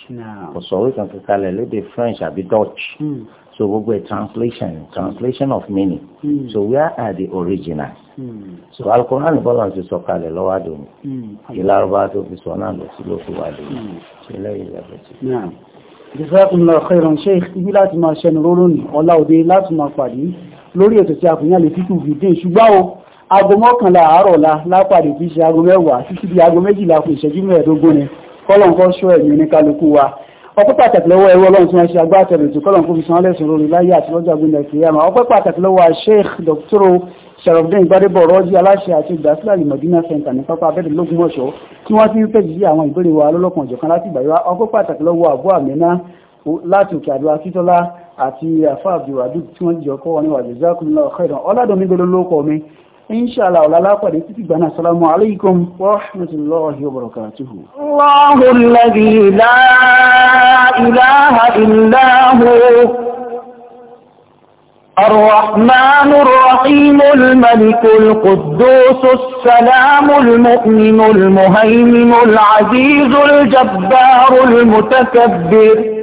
kò sọ̀wé kankan kalẹ̀ léde French àbí Dutch. Mm so gbogbo ẹ translation translation of many. mm. so where are the originals mm. so alukoran bọ́lá ti sọ kalẹ̀ lọ́wọ́ àdóni hmm. ìlarúbá tó fi sọ náà lọ sí ló fi wà lónìí ṣe lẹ́yìn ìlẹ́fẹ̀ tí. jazakumullahu khairan sheikh ibi láti máa ṣẹnu róró ní ọlá òde láti máa pàdé lórí ètò tí a kò yàn lè fífi ṣùgbọ́n o aago mọ́kànlá àárọ̀ la lápàdé kì í ṣe aago mẹ́wàá títí di aago méjìlá fún ìṣẹ́jú mẹ́ẹ̀ẹ́dógún ni kọ́lọ̀ ṣọ́ ẹ̀mí oníkálukú wa ọpẹ́ pàtàkì lọ́wọ́ ẹ̀rọ ọlọ́run tí wọ́n ṣe agbátẹrù tí kọ́lọ̀ kó fi san lẹ́sùn lórí láyé àti lọ́jọ́ àgbéǹdà kìíyàmà ọpẹ́ pàtàkì lọ́wọ́ Sheikh Dr. Sharafdin Gbadebo rọ́jí aláṣẹ àti ìdásílẹ̀ alimọ̀dínà sẹ́ńtà ní pápá abẹ́rẹ́ lógún ọ̀ṣọ́ tí wọ́n ti ń tẹ̀jú sí àwọn ìbéèrè wa lọ́lọ́kan ọ̀jọ̀kan láti ìgbà yíwá ọpẹ́ pàtàkì lọ́wọ́ àbú àmìnà láti òkè àdúrà títọ́lá àti àfáà abdulradu tí wọ́n jọ kọ́ wọn níwájú zákùnlá ọ̀kẹ́dàn ọ̀làdàn mi gbọ́dọ̀ lóko mi إن شاء الله ولا لقد اتبعنا السلام عليكم ورحمة الله وبركاته الله الذي لا إله إلا هو الرحمن الرحيم الملك القدوس السلام المؤمن المهيمن العزيز الجبار المتكبر